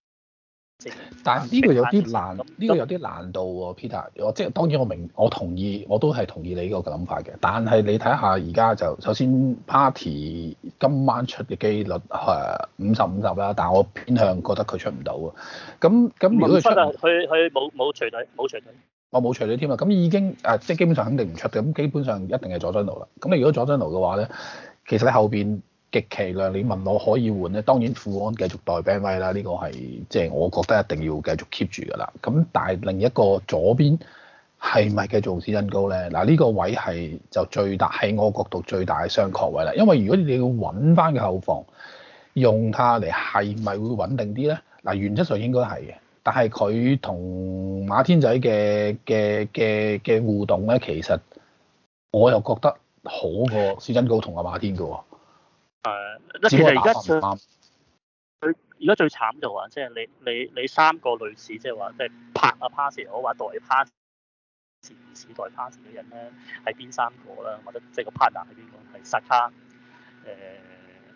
[music] [music] [music] 但係呢個有啲難，呢、嗯、個有啲難度喎，Peter。我即係當然我明，我同意，我都係同意你呢個諗法嘅。但係你睇下而家就首先 Party 今晚出嘅機率係五十五十啦，50, 50, 但我偏向覺得佢出唔到嘅。咁咁如果出，佢佢冇冇隨隊，冇隨隊。我冇隨隊添啊！咁、哦、已經誒，即係基本上肯定唔出嘅。咁基本上一定係佐真奴啦。咁你如果佐真奴嘅話咧，其實你後邊。極其量，你問我可以換咧，當然富安繼續代 Ben 位啦。呢、這個係即係我覺得一定要繼續 keep 住噶啦。咁但係另一個左邊係咪繼續史珍高咧？嗱、啊，呢、這個位係就最大喺我角度最大嘅商確位啦。因為如果你要揾翻嘅後防用下嚟係咪會穩定啲咧？嗱、啊，原則上應該係嘅。但係佢同馬天仔嘅嘅嘅嘅互動咧，其實我又覺得好過史珍高同阿馬天嘅其實而家最，最而家最慘就話、是，即、就、係、是、你你你三個類似即係話即係拍阿 Partey 或者代 Partey 代 Partey 嘅人咧，係邊三個，我覺得即係個 partner 係邊個？係薩卡、誒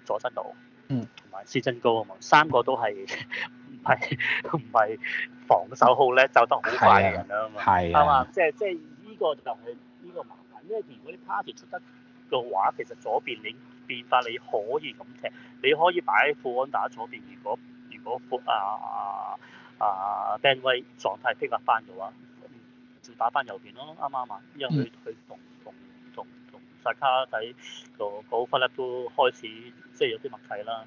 佐真奴，嗯，同埋辛真高啊嘛，三個都係唔係唔係防守好咧，走得好快嘅人啊嘛，係啊嘛，即係即係呢個就係呢個麻煩，因為如果啲 Partey 出得嘅話，其實左邊你。變化你可以咁踢，你可以擺富安打左邊。如果如果啊啊 Ben White、啊、狀態升格翻嘅話，咁打翻右邊咯，啱啱啊？因為佢佢同同同同薩卡底、嗰個保、嗰個、分率都開始即係有啲默契啦。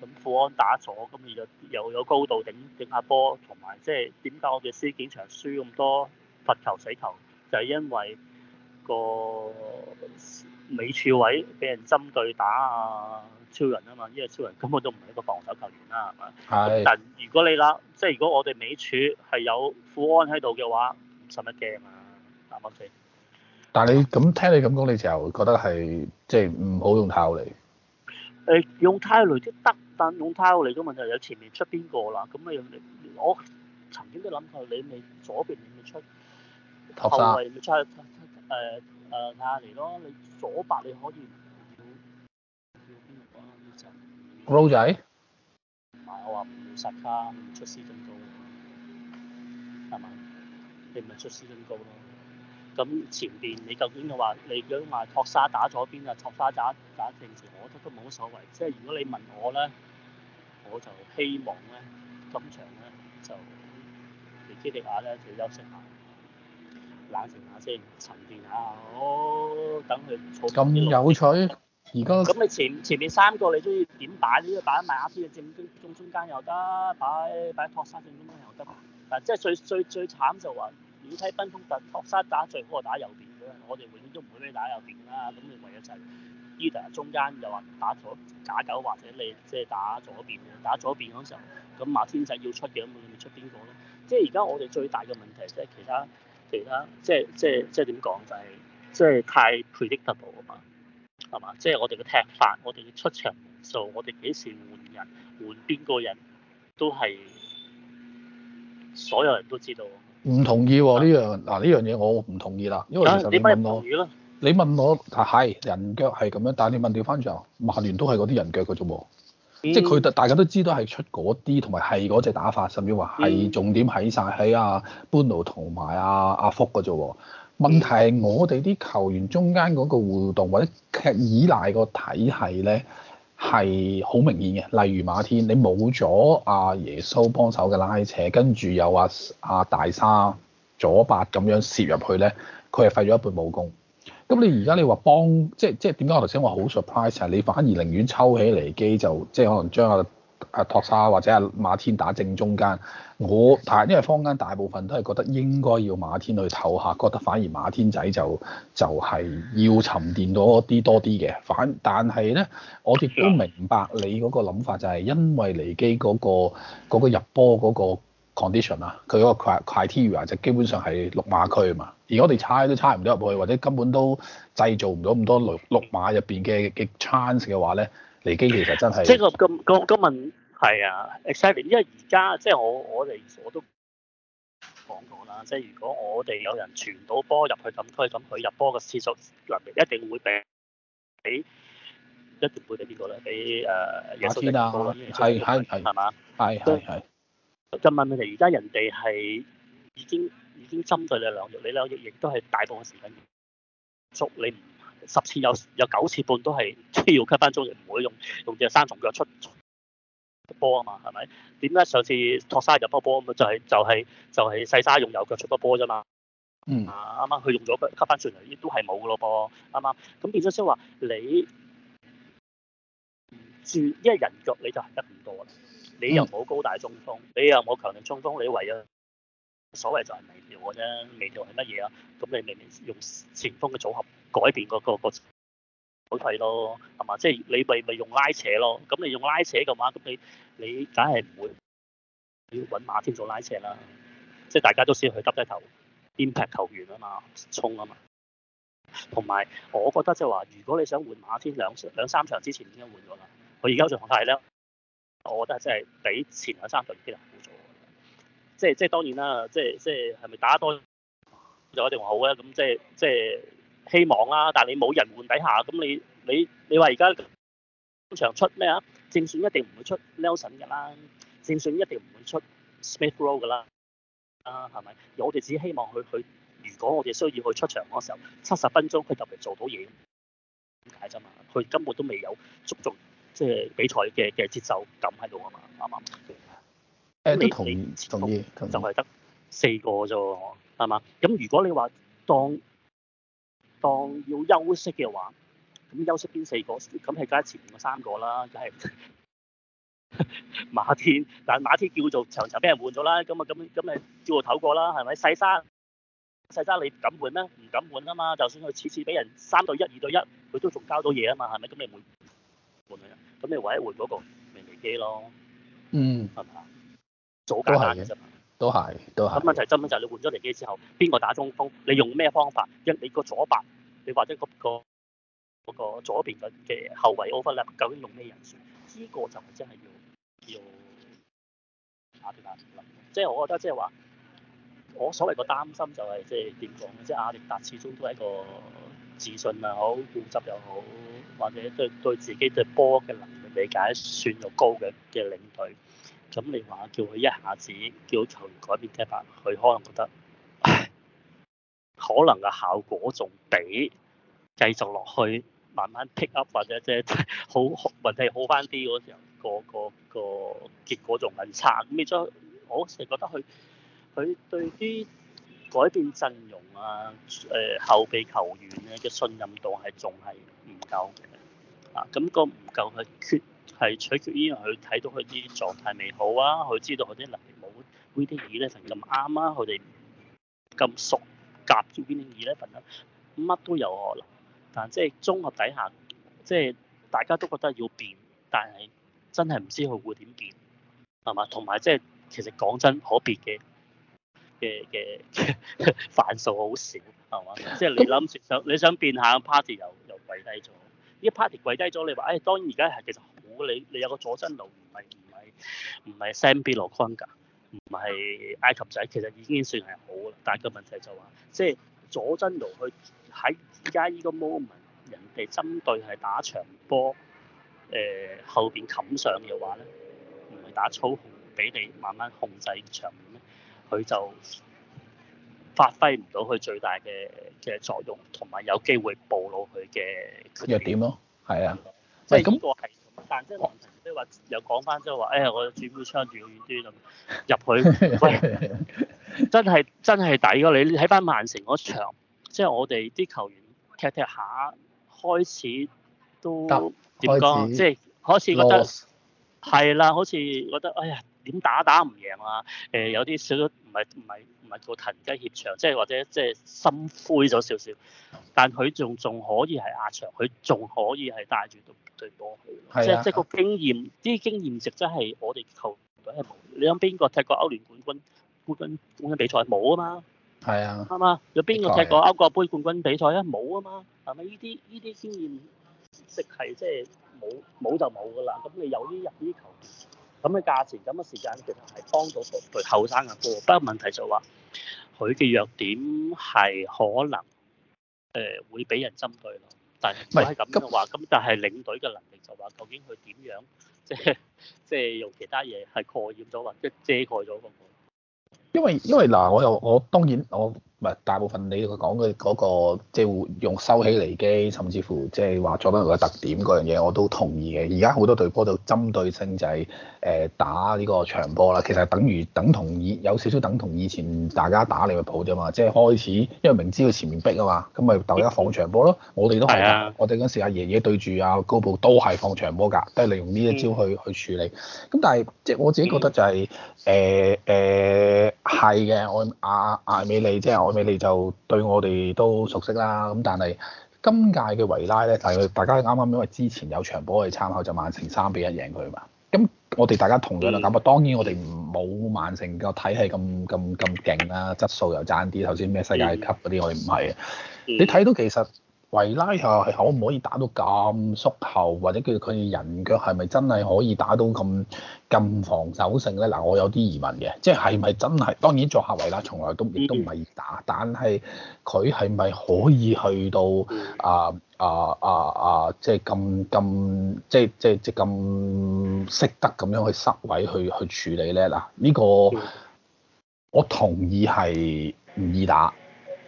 咁富安打左，咁佢又又有高度頂頂下波，同埋即係點解我哋 C 警場輸咁多罰球死球，就係、是、因為、嗰個。嗰個尾柱位俾人針對打，啊超人啊嘛，因為超人根本都唔係一個防守球員啦，係嘛？係。但如果你啦，即係如果我哋尾柱係有富安喺度嘅話，使乜驚啊？啱唔啱先？但係你咁聽你咁講，你就覺得係即係唔好用泰勒。誒，用泰勒都得，但係用泰勒嚟嘅問題係有前面出邊個啦？咁你我曾經都諗過，你咪左邊咪出後衞咪出誒？誒，睇下嚟咯，你左白你可以叫邊個講？就羅仔。唔係 [music] 我話唔實卡，唔出斯進高，係咪？你咪出斯進高咯。咁前邊你究竟嘅話，你如果話託沙打咗邊啊，託沙打打定時，我覺得都冇乜所謂。即係如果你問我咧，我就希望咧，今場咧就迪基迪亞咧就休息下。冷靜下先，沉澱下，我、哦、等佢坐。咁有趣，而家咁你前前面三個你中意點擺？呢個擺埋亞天仔正中中中間又得，擺擺托沙正中間又得。嗱、啊，即係最最最慘就話，你果睇奔風突托沙打最好係打右邊嘅，我哋永遠都唔會俾打右邊啦。咁你唯一就係伊達中間又話打左假九，或者你即係打左邊打左邊嗰時候，咁馬天仔要出嘅咁，你咪出邊個咧？即係而家我哋最大嘅問題即係其他。其他即係即係即係點講就係即係太 predictable 啊嘛，係嘛？即係我哋嘅踢法，我哋嘅出場數，我哋幾時換人，換邊個人，都係所有人都知道。唔同意喎，呢樣嗱呢樣嘢我唔同意啦，因為其實你問我，人你問我嗱係、啊、人腳係咁樣，但係你問調翻轉，曼聯都係嗰啲人腳嘅啫喎。即係佢，大家都知道係出嗰啲，同埋係嗰隻打法，甚至話係重點喺晒喺阿班奴同埋阿阿福嘅啫喎。問題係我哋啲球員中間嗰個互動或者係依賴個體系咧，係好明顯嘅。例如馬天，你冇咗阿耶穌幫手嘅拉扯，跟住又阿阿大沙左八咁樣攝入去咧，佢係廢咗一半武功。咁你而家你話幫，即係即係點解我頭先話好 surprise 係，你反而寧願抽起離機就，即係可能將阿阿托沙或者阿、啊、馬天打正中間，我大因為坊間大部分都係覺得應該要馬天去唞下，覺得反而馬天仔就是、就係、是、要沉澱咗啲多啲嘅。反但係咧我亦都明白你嗰個諗法就係因為離機嗰、嗰個嗰、嗰個入波嗰、嗰個。condition 啊，佢嗰個 criteria 就基本上係六碼區啊嘛，而我哋猜都猜唔到入去，或者根本都製造唔到咁多六六碼入邊嘅嘅 chance 嘅話咧，尼基其實真係即係個今今今問係啊 exciting 因為而家即係我我哋我都講過啦，即係如果我哋有人傳到波入去禁區，咁佢入波嘅次數人一定會俾俾一定會俾邊個咧，俾誒亞天啊，係係係係嘛，係係係。吧就問問題，而家人哋係已經已經針對你兩翼你兩翼，亦亦都係大部分時間捉你唔十次有有九次半都係要 cut 翻中，唔會用用隻三重腳出波啊嘛，係咪？點解上次托沙入波波咁啊？就係、就係、就係、細沙用右腳出波波啫嘛。嗯啊，啱啱佢用咗 cut 翻轉頭，亦都係冇咯噃，啱啱咁變咗即係話你住，一人腳你就得咁多啦。你又冇高大中鋒，你又冇強力中鋒，你唯一所謂就係微調嘅啫，微調係乜嘢啊？咁你明明用前鋒嘅組合改變、個個個、個個組體咯，係嘛？即、就、係、係、你咪咪用拉扯咯，咁你用拉扯嘅話，咁你你梗係唔會揾馬天做拉扯啦，即係大家都先去耷低頭鞭劈球員啊嘛，衝啊嘛。同埋我覺得即係話，如果你想換馬天兩，兩兩三場之前已經換咗啦，佢而家狀態係咧。我覺得係真係比前兩三隊堅好咗。即係即係當然啦，即係即係係咪打得多就一定好咧、啊？咁即係即係希望啦、啊。但係你冇人換底下，咁你你你話而家場出咩啊？正選一定唔會出 Nelson 嘅啦，正選一定唔會出 Smith Rowe 嘅啦，啊係咪？我哋只希望佢佢，如果我哋需要佢出場嗰時候，七十分鐘佢特別做到嘢，點解啫嘛？佢根本都未有足足。即係比賽嘅嘅節奏感喺度啊嘛，啱唔啱？誒、嗯、都同意，你你同意，同意，同意，就係得四個啫喎，係嘛？咁如果你話當當要休息嘅話，咁休息邊四個？咁係加前面嗰三個啦，梗係 [laughs] 馬天，但馬天叫做長陣俾人換咗啦，咁啊咁咁咪照頭過啦，係咪？細沙細沙你敢換咩？唔敢換啊嘛，就算佢次次俾人三對一、二對一，佢都仲交到嘢啊嘛，係咪？咁你換？換佢，咁你唯一換嗰個迷你機咯，機嗯，係咪啊？左簡單啫，都係嘅，都係，都係。咁問題根本就係你換咗迷你機之後，邊個打中鋒，你用咩方法？因你個左八，你或者嗰、嗰個、嗰個嗰個左邊嘅嘅後衛 offensive 究竟用咩人數？呢、呢個就真係要要阿即係我覺得即係話，我所謂個擔心就係即係點講？即係阿力達始終都係一個自信又好，固執又好。或者對對自己對波嘅能力理解算又高嘅嘅領隊，咁你話叫佢一下子叫佢改變踢法，佢可能覺得可能嘅效果仲比繼續落去慢慢 pick up 或者即係好運氣好翻啲嗰時候，個個個結果仲更差。咁亦都我成日覺得佢佢對啲改變陣容啊，誒、呃、後備球員咧、啊、嘅信任度係仲係唔夠嘅，啊咁、個唔夠嘅缺係取決於佢睇到佢啲狀態未好啊，佢知道佢啲能力冇 winning eleven 咁啱啊，佢哋咁熟夾住 winning eleven 啊，乜、e, 都有可能，但即係綜合底下，即、就、係、是、大家都覺得要變，但係真係唔知佢會點變，係嘛？同埋即係其實講真可別嘅。嘅嘅嘅範數好少係嘛？即係你諗住想，想你想變下 party 又又跪低咗。依 party 跪低咗，你話誒、哎、當然而家係其實好，你你有個佐真奴唔係唔係唔係 Sambi Lokonga，唔係埃及仔，其實已經算係好啦。但係個問題就話，即係佐真奴去喺而家依個 moment 人哋針對係打長波，誒、呃、後邊冚上嘅話咧，唔係打操控俾你慢慢控制場面咩？佢就發揮唔到佢最大嘅嘅作用，同埋有，有機會暴露佢嘅弱點咯。係啊， [laughs] 即係咁個係，但即係曼城，你話又講翻、就是，即係話，呀，我轉會窗轉遠端入去，喂真係真係抵過咯！你睇翻曼城嗰場，即、就、係、是、我哋啲球員踢踢下，開始都點講？即係開，開始覺得係啦落、啊，好似覺得，哎呀～點打打唔贏啊？誒有啲少少唔係唔係唔係叫騰雞協場，即係或者即係心灰咗少少。但佢仲仲可以係壓場，佢仲可以係帶住隊隊波過去。係啊。即即個經驗，啲經驗值真係我哋球隊係冇。你諗邊個踢過歐聯冠軍冠軍冠軍比賽？冇啊嘛。係啊。係嘛？有邊個踢過歐國杯冠軍比賽啊？冇啊嘛。係咪呢啲呢啲經驗值係即係冇冇就冇㗎啦？咁你有啲入啲球。咁嘅價錢，咁嘅時間，其實係幫到對後生嘅哥。不過問題就話，佢嘅弱點係可能誒、呃、會俾人針對咯。但係如果係咁嘅話，咁是但係領隊嘅能力就話，究竟佢點樣，即係即係用其他嘢係蓋掩咗或即係遮蓋咗嗰個？因為因為嗱，我又我，我當然我。大部分你講嘅嗰個，即係用收起離機，甚至乎即係話作登陸嘅特點嗰樣嘢，我都同意嘅。而家好多隊波就針對性就係、是、誒、呃、打呢個長波啦，其實等於等同以有少少等同以前大家打利物浦啫嘛，即係開始因為明知佢前面逼啊嘛，咁咪就家放長波咯。我哋都係啊，我哋嗰時阿爺爺對住阿高布都係放長波㗎，都係利用呢一招去去處理。咁但係即係我自己覺得就係誒誒係嘅，我、呃呃、阿艾美利即係。海美利就對我哋都熟悉啦，咁但係今屆嘅維拉咧，係大家啱啱因為之前有場波去參考，就曼城三比一贏佢嘛。咁我哋大家同樣嘅感覺，嗯、當然我哋唔冇曼城個體系咁咁咁勁啦，質素又爭啲。頭先咩世界級嗰啲我哋唔係啊。你睇到其實。維拉嚇係可唔可以打到咁縮後，或者叫佢人腳係咪真係可以打到咁咁防守性咧？嗱，我有啲疑問嘅，即係係咪真係當然作客維拉從來都亦都唔易打，但係佢係咪可以去到啊啊啊啊，即係咁咁即係即係即係咁識得咁樣去塞位去去處理咧？嗱，呢個我同意係唔易打，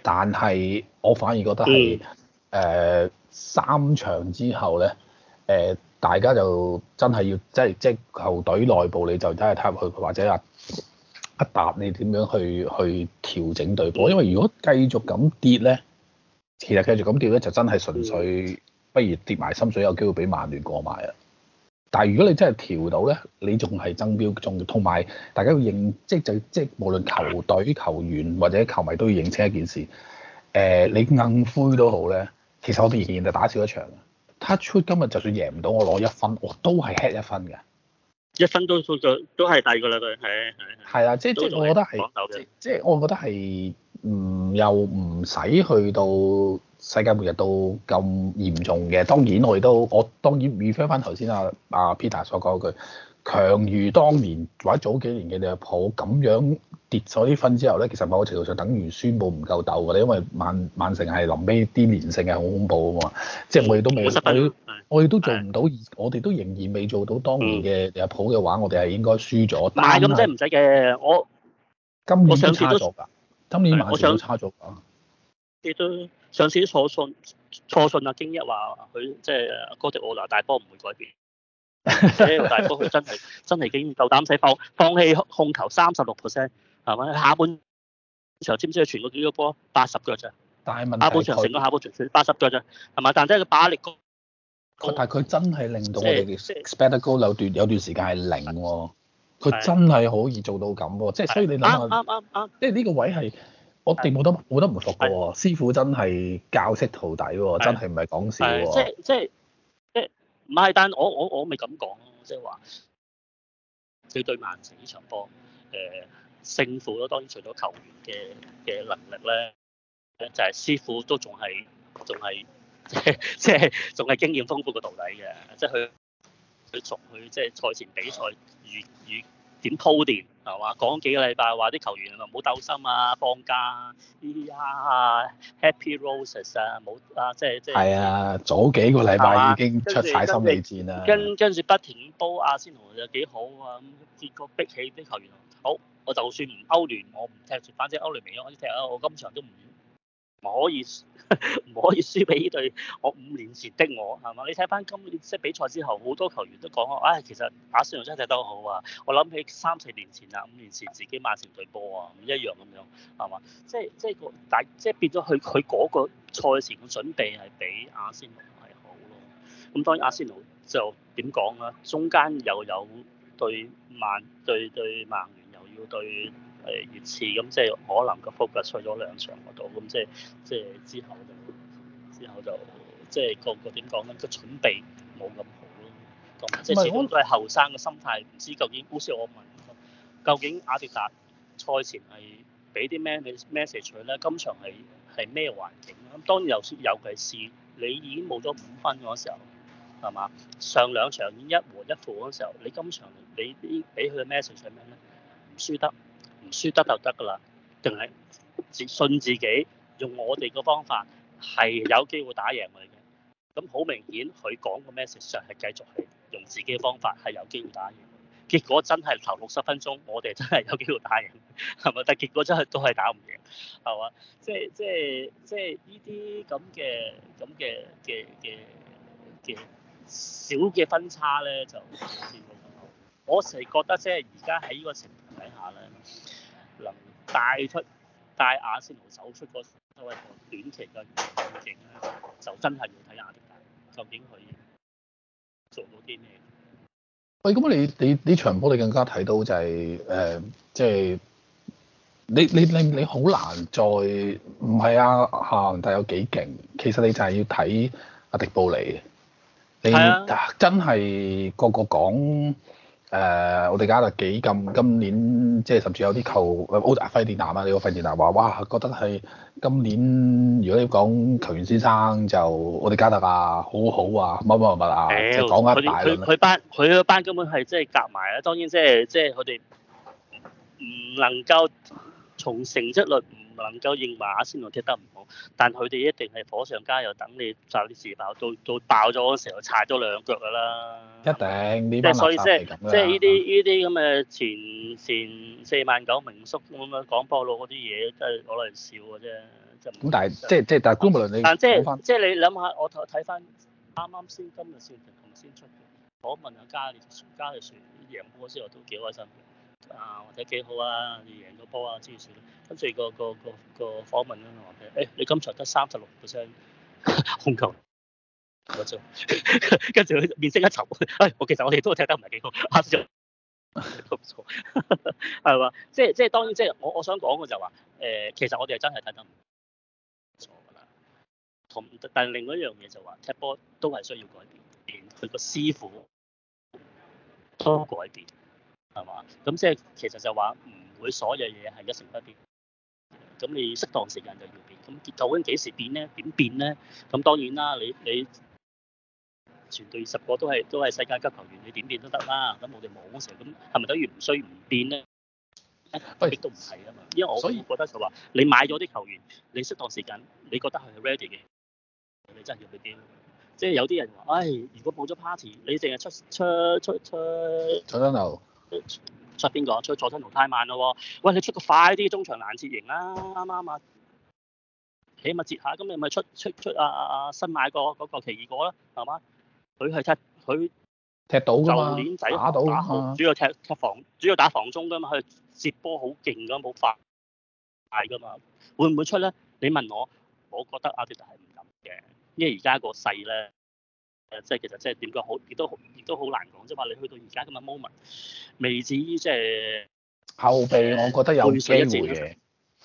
但係我反而覺得係。誒、呃、三場之後咧，誒、呃、大家就真係要即係即係球隊內部你就真係睇入去，或者話阿達你點樣去去調整隊波？因為如果繼續咁跌咧，其實繼續咁跌咧就真係純粹，不如跌埋深水有機會俾曼聯過埋啊！但係如果你真係調到咧，你仲係爭標，中，同埋大家要認，即係就即係無論球隊、球員或者球迷都要認清一件事，誒、呃、你硬灰都好咧。其實我哋仍然就打少一場嘅，他出今日就算贏唔到，我攞一分，我都係吃一分嘅，一分都數在都係第二個啦佢，係係啊，即即我覺得係，即我覺得係唔、嗯、又唔使去到世界末日到咁嚴重嘅，當然我亦都我當然 refer 翻頭先啊啊 Peter 所講句。強如當年或者早幾年嘅利物浦咁樣跌咗啲分之後咧，其實某個程度上等於宣佈唔夠鬥㗎啦，因為曼曼城係臨尾啲連勝係好恐怖啊嘛，即係我哋都未，我們的我哋都做唔到，的我哋都仍然未做到當年嘅利物浦嘅話，我哋係應該輸咗。嗯、但係咁即係唔使嘅，我今年都差咗㗎，今年曼城都差咗㗎。亦都上次都錯信錯信啊，京一話佢即係哥迪奧拿大，大波唔會改變。呢個大波佢真係真係竟然夠膽死，放放棄控球三十六 percent 係咪？下半場知唔知佢傳過幾多波八十腳咋？但係問題，下半場成個下半場全八十腳咋係咪？但真係佢把力高，但係佢真係令到我哋 expect goal 有段有段時間係零喎，佢真係可以做到咁喎，即係所以你諗啊，啱啱啱，即係呢個位係我哋冇得冇得唔服嘅喎，師傅真係教識徒弟喎，真係唔係講笑喎，即即。唔係，但我我我咪咁講咯，即係話佢對曼城呢場波誒、呃、勝負咯。當然，除咗球員嘅嘅能力咧，就係、是、師傅都仲係仲係即係仲係經驗豐富嘅道理嘅，即係佢佢從佢即係賽前比賽預預。點鋪墊係嘛？講幾個禮拜話啲球員唔好鬥心啊，放假呢啲啊 Happy Roses 啊，冇啊，啊，啊即係即係係啊！早幾個禮拜已經出晒心理戰啦，跟跟住不停煲阿仙奴又幾好啊，咁結果逼起啲球員好，我就算唔歐聯，我唔踢，反正歐聯未開，我踢啊！我今場都唔。唔可以，唔 [laughs] 可以輸俾呢隊我五年前的我，係嘛？你睇翻今年即係比賽之後，好多球員都講啊，唉、哎，其實阿仙奴真係踢得好啊。我諗起三四年前啊，五年前自己曼城對波啊，唔一樣咁樣，係嘛？即係即係個大，即係變咗佢佢嗰個賽前嘅準備係比阿仙奴係好咯、啊。咁當然阿仙奴就點講啊？中間又有對曼對對，對曼聯，又要對。誒、嗯、熱刺咁、嗯、即係可能個 focus 去咗兩場嗰度，咁即係即係之後就之後就即係個個點講咧，個準備冇咁好咯。咁、嗯、即係是始終都係後生嘅心態，唔知究竟公司我問，究竟阿迪達賽前係俾啲咩 message 佢咧？今場係係咩環境？咁當然又尤其是你已經冇咗五分嗰時候，係嘛？上兩場已經一和一負嗰時候，你今場你啲俾佢嘅 message 係咩咧？唔輸得。輸得就得㗎啦，定係自信自己用我哋嘅方法係有機會打贏我哋嘅。咁好明顯，佢講個 message 上係繼續係用自己嘅方法係有機會打贏。結果真係頭六十分鐘，我哋真係有機會打贏，係咪？但係結果真係都係打唔贏，係嘛？即係即係即係呢啲咁嘅咁嘅嘅嘅嘅小嘅分差咧，就先講唔到。我成日覺得即係而家喺呢個情況底下咧。能帶出帶阿仙奴走出個所謂短期嘅困境，就真係要睇阿迪達，究竟佢做到啲咩？喂，咁你你呢場波你更加睇到就係、是、誒、呃，即係你你你你好難再唔係啊！夏涵大有幾勁，其實你就係要睇阿迪布尼，你、啊、真係個個講。誒、呃，我哋加特幾咁？今年即係甚至有啲球，費迪南啊，你個費迪南話哇，覺得係今年，如果你講球員先生就我哋加特啊，好好啊，乜乜乜啊，即係、欸、講緊大佢班，佢嗰班根本係即係夾埋啦。當然即係即係佢哋唔能夠從成績率。能夠應話先，我踢得唔好。但佢哋一定係火上加油，等你炸啲時爆，到到爆咗嘅時候，踩咗兩腳㗎啦。一定，啲乜嘢都係咁即係呢啲呢啲咁嘅前前四萬九名宿咁樣講波路嗰啲嘢，都係攞嚟笑嘅啫。咁但係即係即係，但係公佈論你即係即係你諗下，我睇翻啱啱先今日先同先出，我問下家，你船，加你船贏波之後都幾開心。啊，我踢幾好啊，又贏到波啊，諸如此類。跟住、嗰個、嗰個、嗰個、嗰個訪問咧，我話誒，你今場得三十六 percent 控球， [laughs] 跟住佢面色一沉，哎。我其實我哋都踢得唔係幾好，拍咗都唔錯，係嘛？ [laughs] 即係即係當然，即係我我想講嘅就話，誒、呃，其實我哋係真係睇得唔錯㗎啦。同但係另外一樣嘢就話，踢波都係需要改變，連佢個師傅都改變。係嘛？咁即係其實就話唔會所有嘢係一成不變。咁你適當時間就要變。咁究竟幾時變咧？點變咧？咁當然啦，你你全隊十個都係都係世界級球員，你點變都得啦。咁我哋冇嘅時候，咁係咪等於唔需唔變咧？亦喂都唔係啊嘛，因為我所以覺得佢話你買咗啲球員，你適當時間你覺得係 ready 嘅，你真係要變。即係有啲人話，唉，如果冇咗 party，你淨係出出出出……出出出出出出邊個？出佐真奴太慢咯喎、哦！喂，你出個快啲中場攔截型啦、啊，啱啱啊？起碼接下，今日咪出出出阿、啊、阿新買個嗰個奇異果啦、啊，係嘛？佢係出佢踢到噶嘛？就年仔打到，主要踢踢防，啊、主要打防中噶嘛，佢接波好勁噶，冇法快噶嘛，會唔會出咧？你問我，我覺得阿迪達係唔敢嘅，因為而家個勢咧。誒，即係其實即係點講好，亦都亦都好難講啫嘛。你去到而家咁嘅 moment，未至於即係後備，我覺得有機會嘅。會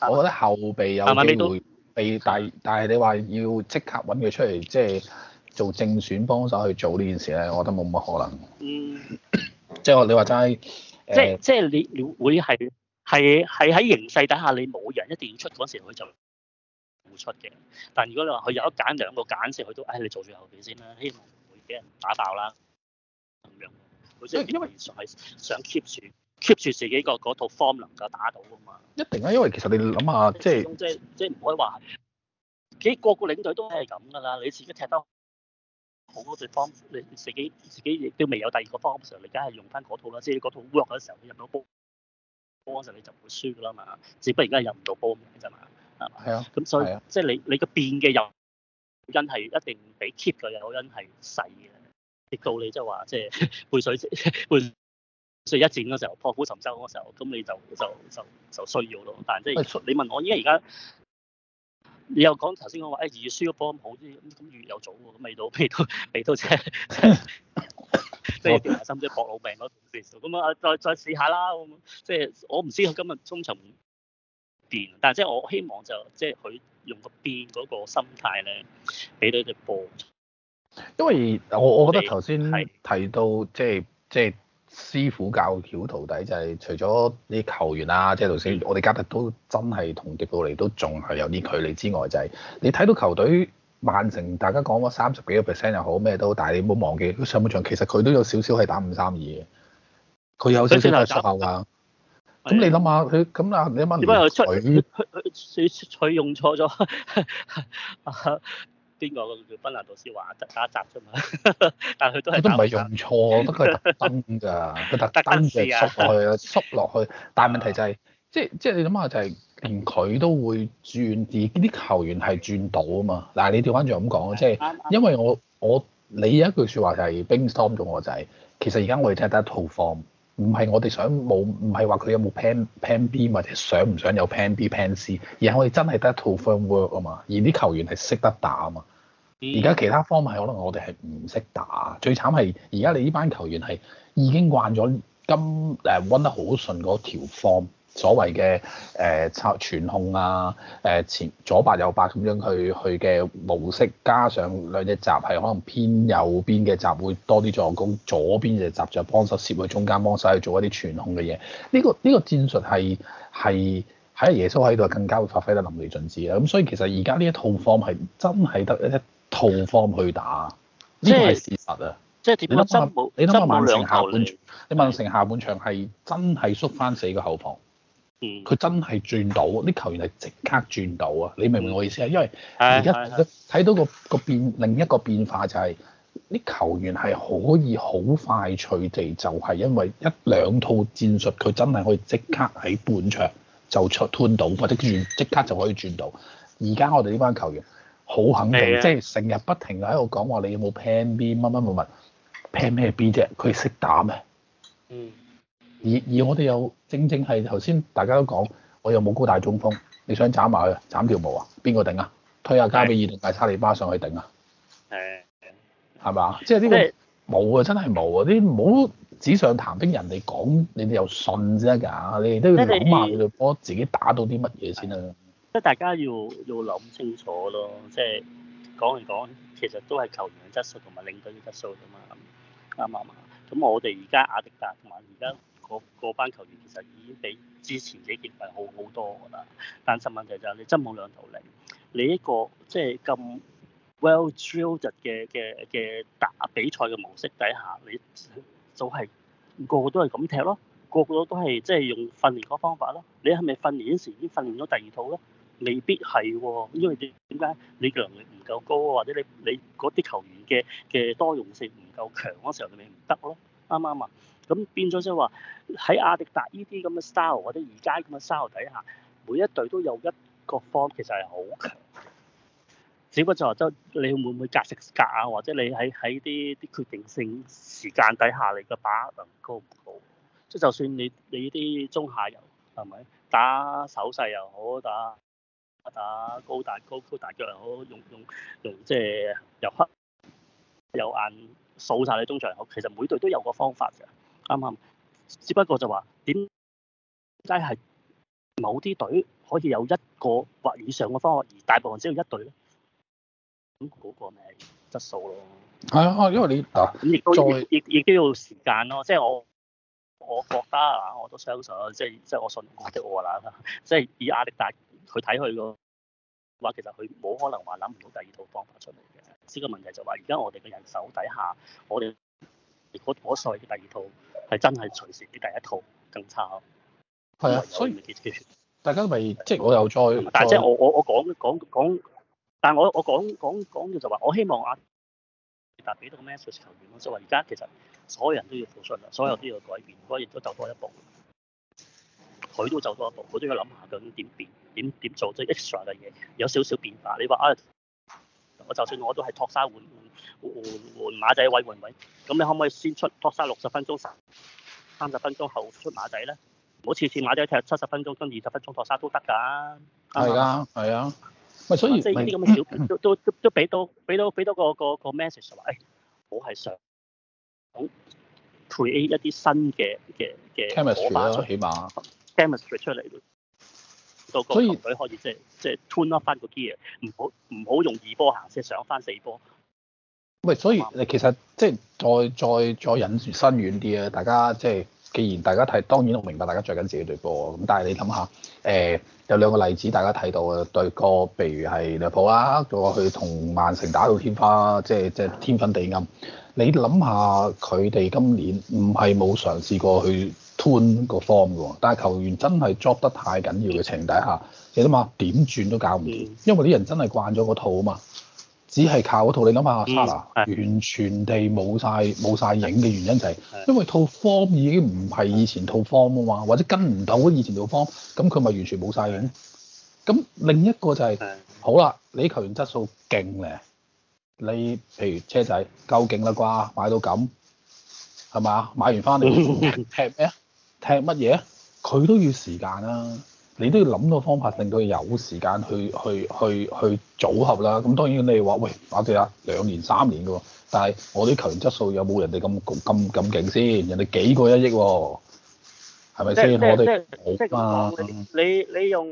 我覺得後備有機會，是是但係是但係你話要即刻搵佢出嚟，即係做正選幫手去做呢件事咧，我覺得冇乜可能。嗯，你呃、即係我你話齋，即係即係你你會係係係喺形勢底下，你冇人一定要出嗰時，佢就。付出嘅，但如果你話佢有一揀兩個揀時，佢都誒、哎，你做住後邊先啦，希望唔會俾人打爆啦。咁樣，佢即係因為純係想 keep 住 keep 住自己個套 form 能夠打到噶嘛。一定啊，因為其實你諗下，即係即即唔可以話，幾個個領隊都係咁噶啦。你自己踢得好對 form，你自己自己亦都未有第二個 form 嘅時候，你梗係用翻嗰套啦。即係嗰套 work 嘅時候，你入到波波嗰時候你就唔會輸噶啦嘛。只不過而家係入唔到波啫嘛。係啊，咁、啊、所以即係、就是、你你個變嘅人，音係一定唔俾 keep 嘅，有音係細嘅，直到你即係話即係背水背水一戰嗰時候，破釜沉舟嗰時候，咁你就就就就需要咯。但係即係你問我依家而家，你又講頭先我話誒、哎、二月輸嗰波咁好啲，咁二月又早喎，味未到，未到，道即係即係調下心，即係搏老命嗰條線咁啊，再再試下啦。咁即係我唔知佢今日中晨。但係即係我希望就即係佢用個變嗰個心態咧，俾到隻波。因為我我覺得頭先提到們即係即係師傅教曉徒弟就係、是、除咗啲球員啊，即係頭先我哋加特都真係同迪布尼都仲係有啲距離之外，就係、是、你睇到球隊曼城，大家講話三十幾個 percent 又好咩都，但係你冇忘記上半場其實佢都有少少係打五三二嘅。佢有少少係出口㗎。咁你諗下佢咁啊？你諗下點解佢佢用錯咗？邊個個叫賓拿導師話得打一閘啫嘛， [laughs] 但佢都係都唔係用錯，我覺得佢特登㗎，佢特登就縮落去，縮落去。但係問題就係、是，即係即係你諗下，就係、是、連佢都會轉，而啲球員係轉到啊嘛。嗱，你調翻轉咁講，即係因為我我你有一句説話就係冰霜咗我仔、就是，其實而家我哋睇得一套 form。唔係我哋想冇，唔係話佢有冇 plan plan B 或者想唔想有 plan B plan C，而係我哋真係得一套 firm work 啊嘛，而啲球員係識得打啊嘛。而家其他方面可能我哋係唔識打，最慘係而家你呢班球員係已經慣咗今誒温得好順嗰條 form。所謂嘅誒策傳控啊，誒前左八右八咁樣去去嘅模式，加上兩隻閘係可能偏右邊嘅閘會多啲助攻，左邊嘅閘就幫手攝去中間幫，幫手去做一啲全控嘅嘢、這個。呢個呢個戰術係係喺耶穌喺度更加會發揮得淋漓盡致啊！咁所以其實而家呢一套方 o 係真係得一套方 o 去打，呢個係事實啊！即係你諗下曼城下半場，你曼城下半場係真係縮翻死個後防。佢真係轉到，啲球員係即刻轉到啊！你明唔明我意思啊？因為而家睇到個個變，另一個變化就係、是、啲球員係可以好快脆地，就係因為一兩套戰術，佢真係可以即刻喺半場就出吞到，或者即刻就可以轉到。而家我哋呢班球員好肯定，即係成日不停喺度講話，你有冇 plan B 乜乜乜乜 plan 咩 B 啫？佢識打咩？嗯。而而我哋又正正係頭先大家都講，我又冇高大中鋒，你想斬埋佢斬條毛啊？邊個頂啊？推下、啊、加比爾定，嗌沙利巴上去頂啊？係係嘛？即係呢、呢個冇啊的，真係冇啊！啲唔好紙上談兵，人哋講你哋又信啫得㗎。你哋都要攞下去對波，自己打到啲乜嘢先啊？即係大家要要諗清楚咯，即係講嚟講，其實都係球員嘅質素同埋領隊嘅質素啫嘛，啱唔啱啊？咁我哋而家亞迪達同埋而家。個班球員其實已經比之前嘅訓練好好多㗎啦，但係問題就係你真冇兩套嚟，你一個即係咁 well drilled 嘅嘅嘅打比賽嘅模式底下，你就係個個都係咁踢咯，個個都係即係用訓練嗰方法咯。你係咪訓練嗰時已經訓練咗第二套咧？未必係，因為點解你嘅能力唔夠高，或者你你嗰啲球員嘅嘅多用性唔夠強嗰時候，你咪唔得咯，啱啱啊？咁變咗即係話喺阿迪達呢啲咁嘅 style 或者而家咁嘅 style 底下，每一隊都有一個方其實係好強。只不過就係即你會唔會隔食隔啊？或者你喺喺啲啲決定性時間底下，你嘅把握能高唔高？即就算你你啲中下游係咪打手勢又好，打打高達高高達腳又好，用用用即係又黑又硬，掃晒你中場又好，其實每隊都有個方法嘅。啱啱，只不過就話點解係某啲隊可以有一個或以上嘅方法，而大部分只有一隊咧？咁嗰個咪質素咯。係啊，因為你嗱，亦都亦亦都要時間咯。即係我我覺得啊，我都相信啊，即係即係我信我的我啦。即係以壓力大去睇佢個話，其實佢冇可能話諗唔到第二套方法出嚟嘅。呢個問題就話，而家我哋嘅人手底下，我哋我所謂嘅第二套。係真係隨時比第一套更差。係啊，啊所以其實以大家咪、啊、即係我有再，但係即係我再我我講講講，但係我我講講嘅就話我希望阿達俾到個 message 球員咯，即係話而家其實所有人都要付出，所有都要改變，亦都走多一步，佢都走多一步，佢都要諗下究竟點變點點做即係 extra 嘅嘢，有少少變化。你話啊，我就算我都係托沙碗。換換馬仔，位，永永，咁你可唔可以先出托沙六十分鐘，三十分鐘後出馬仔咧？唔好次次馬仔踢七十分鐘跟二十分鐘托沙都得㗎。係啊，係啊，喂、啊，所以即係呢啲咁嘅小都都都都俾到俾到俾到個個個 message 話誒、哎，我係想 create 一啲新嘅嘅嘅 chemistry 火花咯，起碼 chemistry 出嚟來，所以所以個球隊可以即係即係 turn up 翻個 gear，唔好唔好用二波行先、就是、上翻四波。喂，所以你其實即係再再再引伸遠啲咧，大家即係既然大家睇，當然我明白大家着緊自己隊波。咁但係你諗下，誒、欸、有兩個例子大家睇到啊，對個譬如係利物浦啦，去同曼城打到天花，即係即係天昏地暗。你諗下佢哋今年唔係冇嘗試過去 turn 個 form 噶喎，但係球員真係捉得太緊要嘅情底下，你諗下點轉都搞唔掂，因為啲人真係慣咗個套啊嘛。只係靠嗰套，你諗下、啊、完全地冇晒冇曬影嘅原因就係、是、因為套 form 已經唔係以前套 form 啊嘛，或者跟唔到以前套 form，咁佢咪完全冇晒影。咁另一個就係、是、好啦，你球員質素勁咧，你譬如車仔夠勁啦啩，買到咁係咪啊？買完翻嚟踢咩啊？踢乜嘢啊？佢都要時間啦、啊。你都要諗到方法，令到有時間去去去去組合啦。咁當然你話喂，我哋啊兩年三年嘅喎，但係我啲球員質素有冇人哋咁咁咁勁先？人哋幾個一億喎，係咪先？我哋冇啊！你你用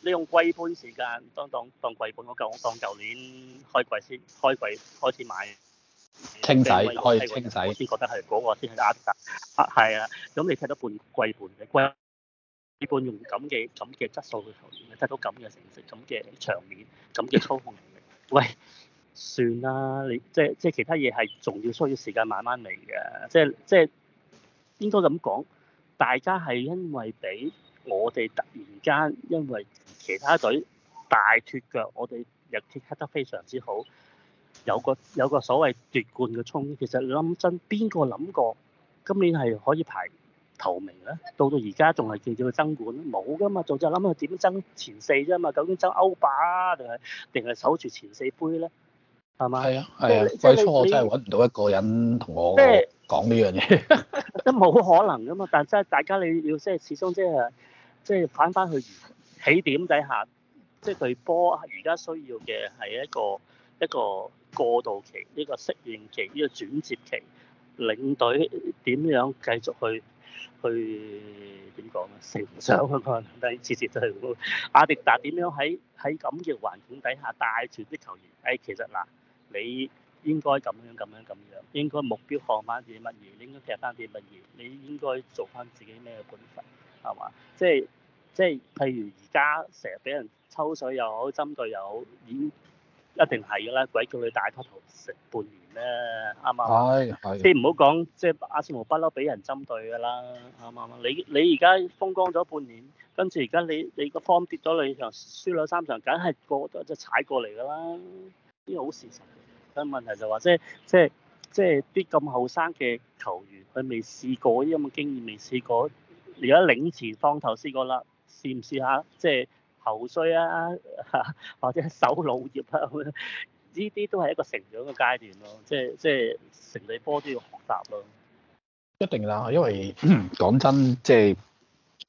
你用季半時間當當當季半嗰嚿，我當舊年開季先，開季開始買清洗可以清洗先覺得係嗰個先係啱嘅，係啊。咁你踢得半季半，你季。呢般用咁嘅咁嘅質素去投，得到咁嘅成績咁嘅場面，咁嘅操控能力，喂，算啦，你即係即係其他嘢係仲要需要時間慢慢嚟嘅，即係即係應該咁講，大家係因為俾我哋突然間因為其他隊大脫腳，我哋又踢得非常之好，有個有個所謂奪冠嘅衝，其實諗真，邊個諗過今年係可以排？頭名咧，到到而家仲係見到去爭冠，冇噶嘛，仲就係諗佢點爭前四啫嘛，究竟爭歐霸定係定係守住前四杯咧，係嘛？係啊，係啊，最你初我真係揾唔到一個人同我即講呢樣嘢，即冇 [laughs] 可能噶嘛，但真係大家你要即係始終即係即係返返去起點底下，即係對波而家需要嘅係一個一個過渡期，呢個適應期，呢個轉接期，領隊點樣繼續去？去點講啊？成長啊嘛，但係次次都係阿迪達點樣喺喺咁嘅環境底下帶住啲球員？誒、哎，其實嗱，你應該咁樣咁樣咁樣，應該目標放翻啲乜嘢？你應該踢翻啲乜嘢？你應該做翻自己咩嘅本分係嘛？即係即係，譬如而家成日俾人抽水又好，針對又好，已經。一定係㗎啦，鬼叫你大拖頭食半年咩？啱唔啱？係係。先唔好講，即係阿仙奴不嬲俾人針對㗎啦，啱唔啱啊？你你而家風光咗半年，跟住而家你你個方跌咗兩場，輸兩三場，梗係個個都一踩過嚟㗎啦。呢個好事實，但係問題就話即係即係即係啲咁後生嘅球員，佢未試過啲咁嘅經驗，未試過。而家領前當頭試過啦，試唔試下即係？即頭衰啊，或者守老業啊，呢啲都係一個成長嘅階段咯，即係即係成你波都要學習咯。一定啦，因為講 [coughs] 真即係。就是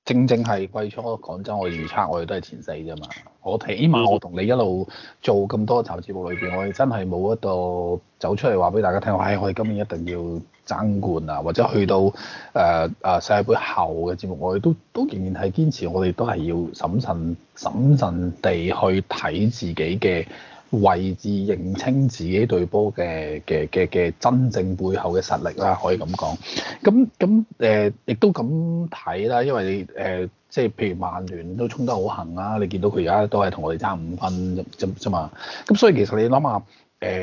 正正係季初，講真我預測，我哋都係前四啫嘛。我睇起碼我同你一路做咁多集節目裏邊，我哋真係冇一度走出嚟話俾大家聽，話、哎、誒我哋今年一定要爭冠啊，或者去到誒誒、呃啊、世界杯後嘅節目，我哋都都仍然係堅持，我哋都係要審慎審慎地去睇自己嘅位置，認清自己對波嘅嘅嘅嘅真正背後嘅實力啦，可以咁講。咁咁誒，亦、呃、都咁睇啦，因為你誒、呃，即係譬如曼聯都衝得好行啦，你見到佢而家都係同我哋爭五分啫嘛。咁所以其實你諗下誒，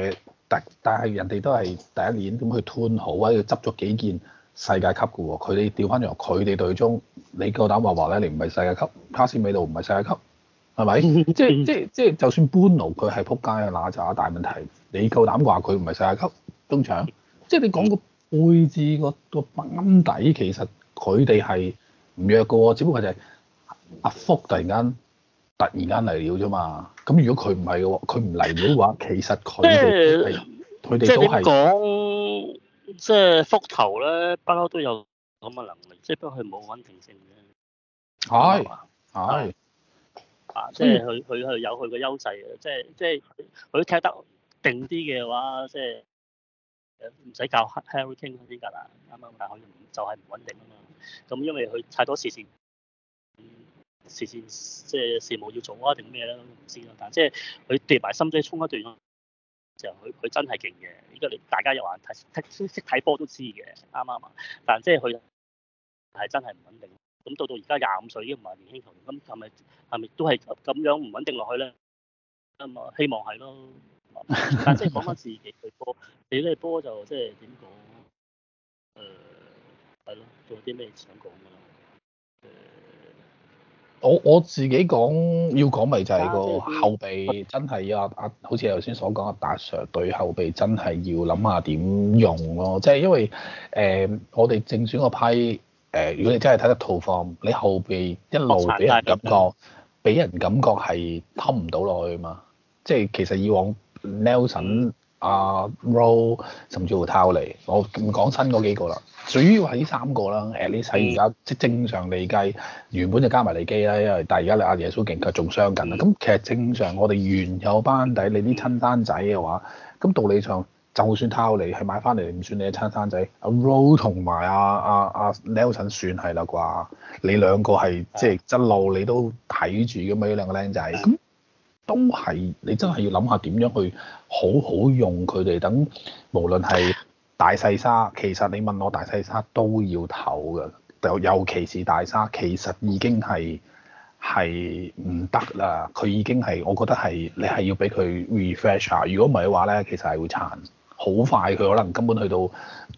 第、呃、但係人哋都係第一年咁去攤好啊，執咗幾件世界級嘅喎。佢哋調翻入，佢哋隊中，你夠膽話話咧，你唔係世界級，卡斯美路唔係世界級？係咪？即係即係即係，就算搬奴佢係撲街嘅乸就大問題。你夠膽話佢唔係世界級中場？即係你講個背字個個班底，其實佢哋係唔弱嘅。只不過就係阿、啊、福突然間突然間嚟了啫嘛。咁如果佢唔係嘅喎，佢唔嚟了嘅話，其實佢哋佢哋都係。即即係講即係福頭咧，不嬲都有咁嘅能力，只、就是、不過係冇穩定性嘅。係係是。是啊、嗯！即係佢佢係有佢個優勢嘅，即係即係佢踢得定啲嘅話，即係唔使教 Harry King 嗰啲㗎啦，啱啱？但係佢就係唔穩定啊嘛。咁因為佢太多時事時事即係事務要做啊，定咩咧唔知咯。但即係佢跌埋心追衝一段嘅時候，佢佢真係勁嘅。依家你大家有眼睇睇識睇波都知嘅，啱啱啊？但即係佢係真係唔穩定。咁到到而家廿五歲已經唔係年輕球員，咁係咪係咪都係咁樣唔穩定落去咧？咁啊，希望係咯。即係講翻自己對波，你對波就即係點講？誒、呃，係咯，做啲咩想講、呃、我我自己講要講咪就係個後備真係啊啊，好似頭先所講阿達 Sir 對後備真係要諗下點用咯。即係因為誒、呃，我哋正選個批。誒，如果你真係睇得套房，你後備一路俾人感覺，俾人感覺係吞唔到落去嘛。即係其實以往 Nelson、嗯、阿、啊、Row 甚至乎 Taylor，我唔講新嗰幾個啦，主要係呢三個啦。誒，你睇而家即正常嚟計，原本就加埋利基啦，因為但係而家你阿、啊、耶穌勁佢仲傷緊啦。咁、嗯嗯、其實正常我哋原有班底，你啲親生仔嘅話，咁道理上。就算偷你，係買翻嚟唔算你一餐生仔。阿 Row 同埋、啊、阿阿、啊、阿、啊、Nelson 算係啦啩，你兩個係即係執路你都睇住咁樣兩個靚仔，咁都係你真係要諗下點樣去好好用佢哋。等無論係大細沙，其實你問我大細沙都要唞㗎，尤其是大沙，其實已經係係唔得啦。佢已經係我覺得係你係要俾佢 refresh。如果唔係嘅話咧，其實係會殘。好快佢可能根本去到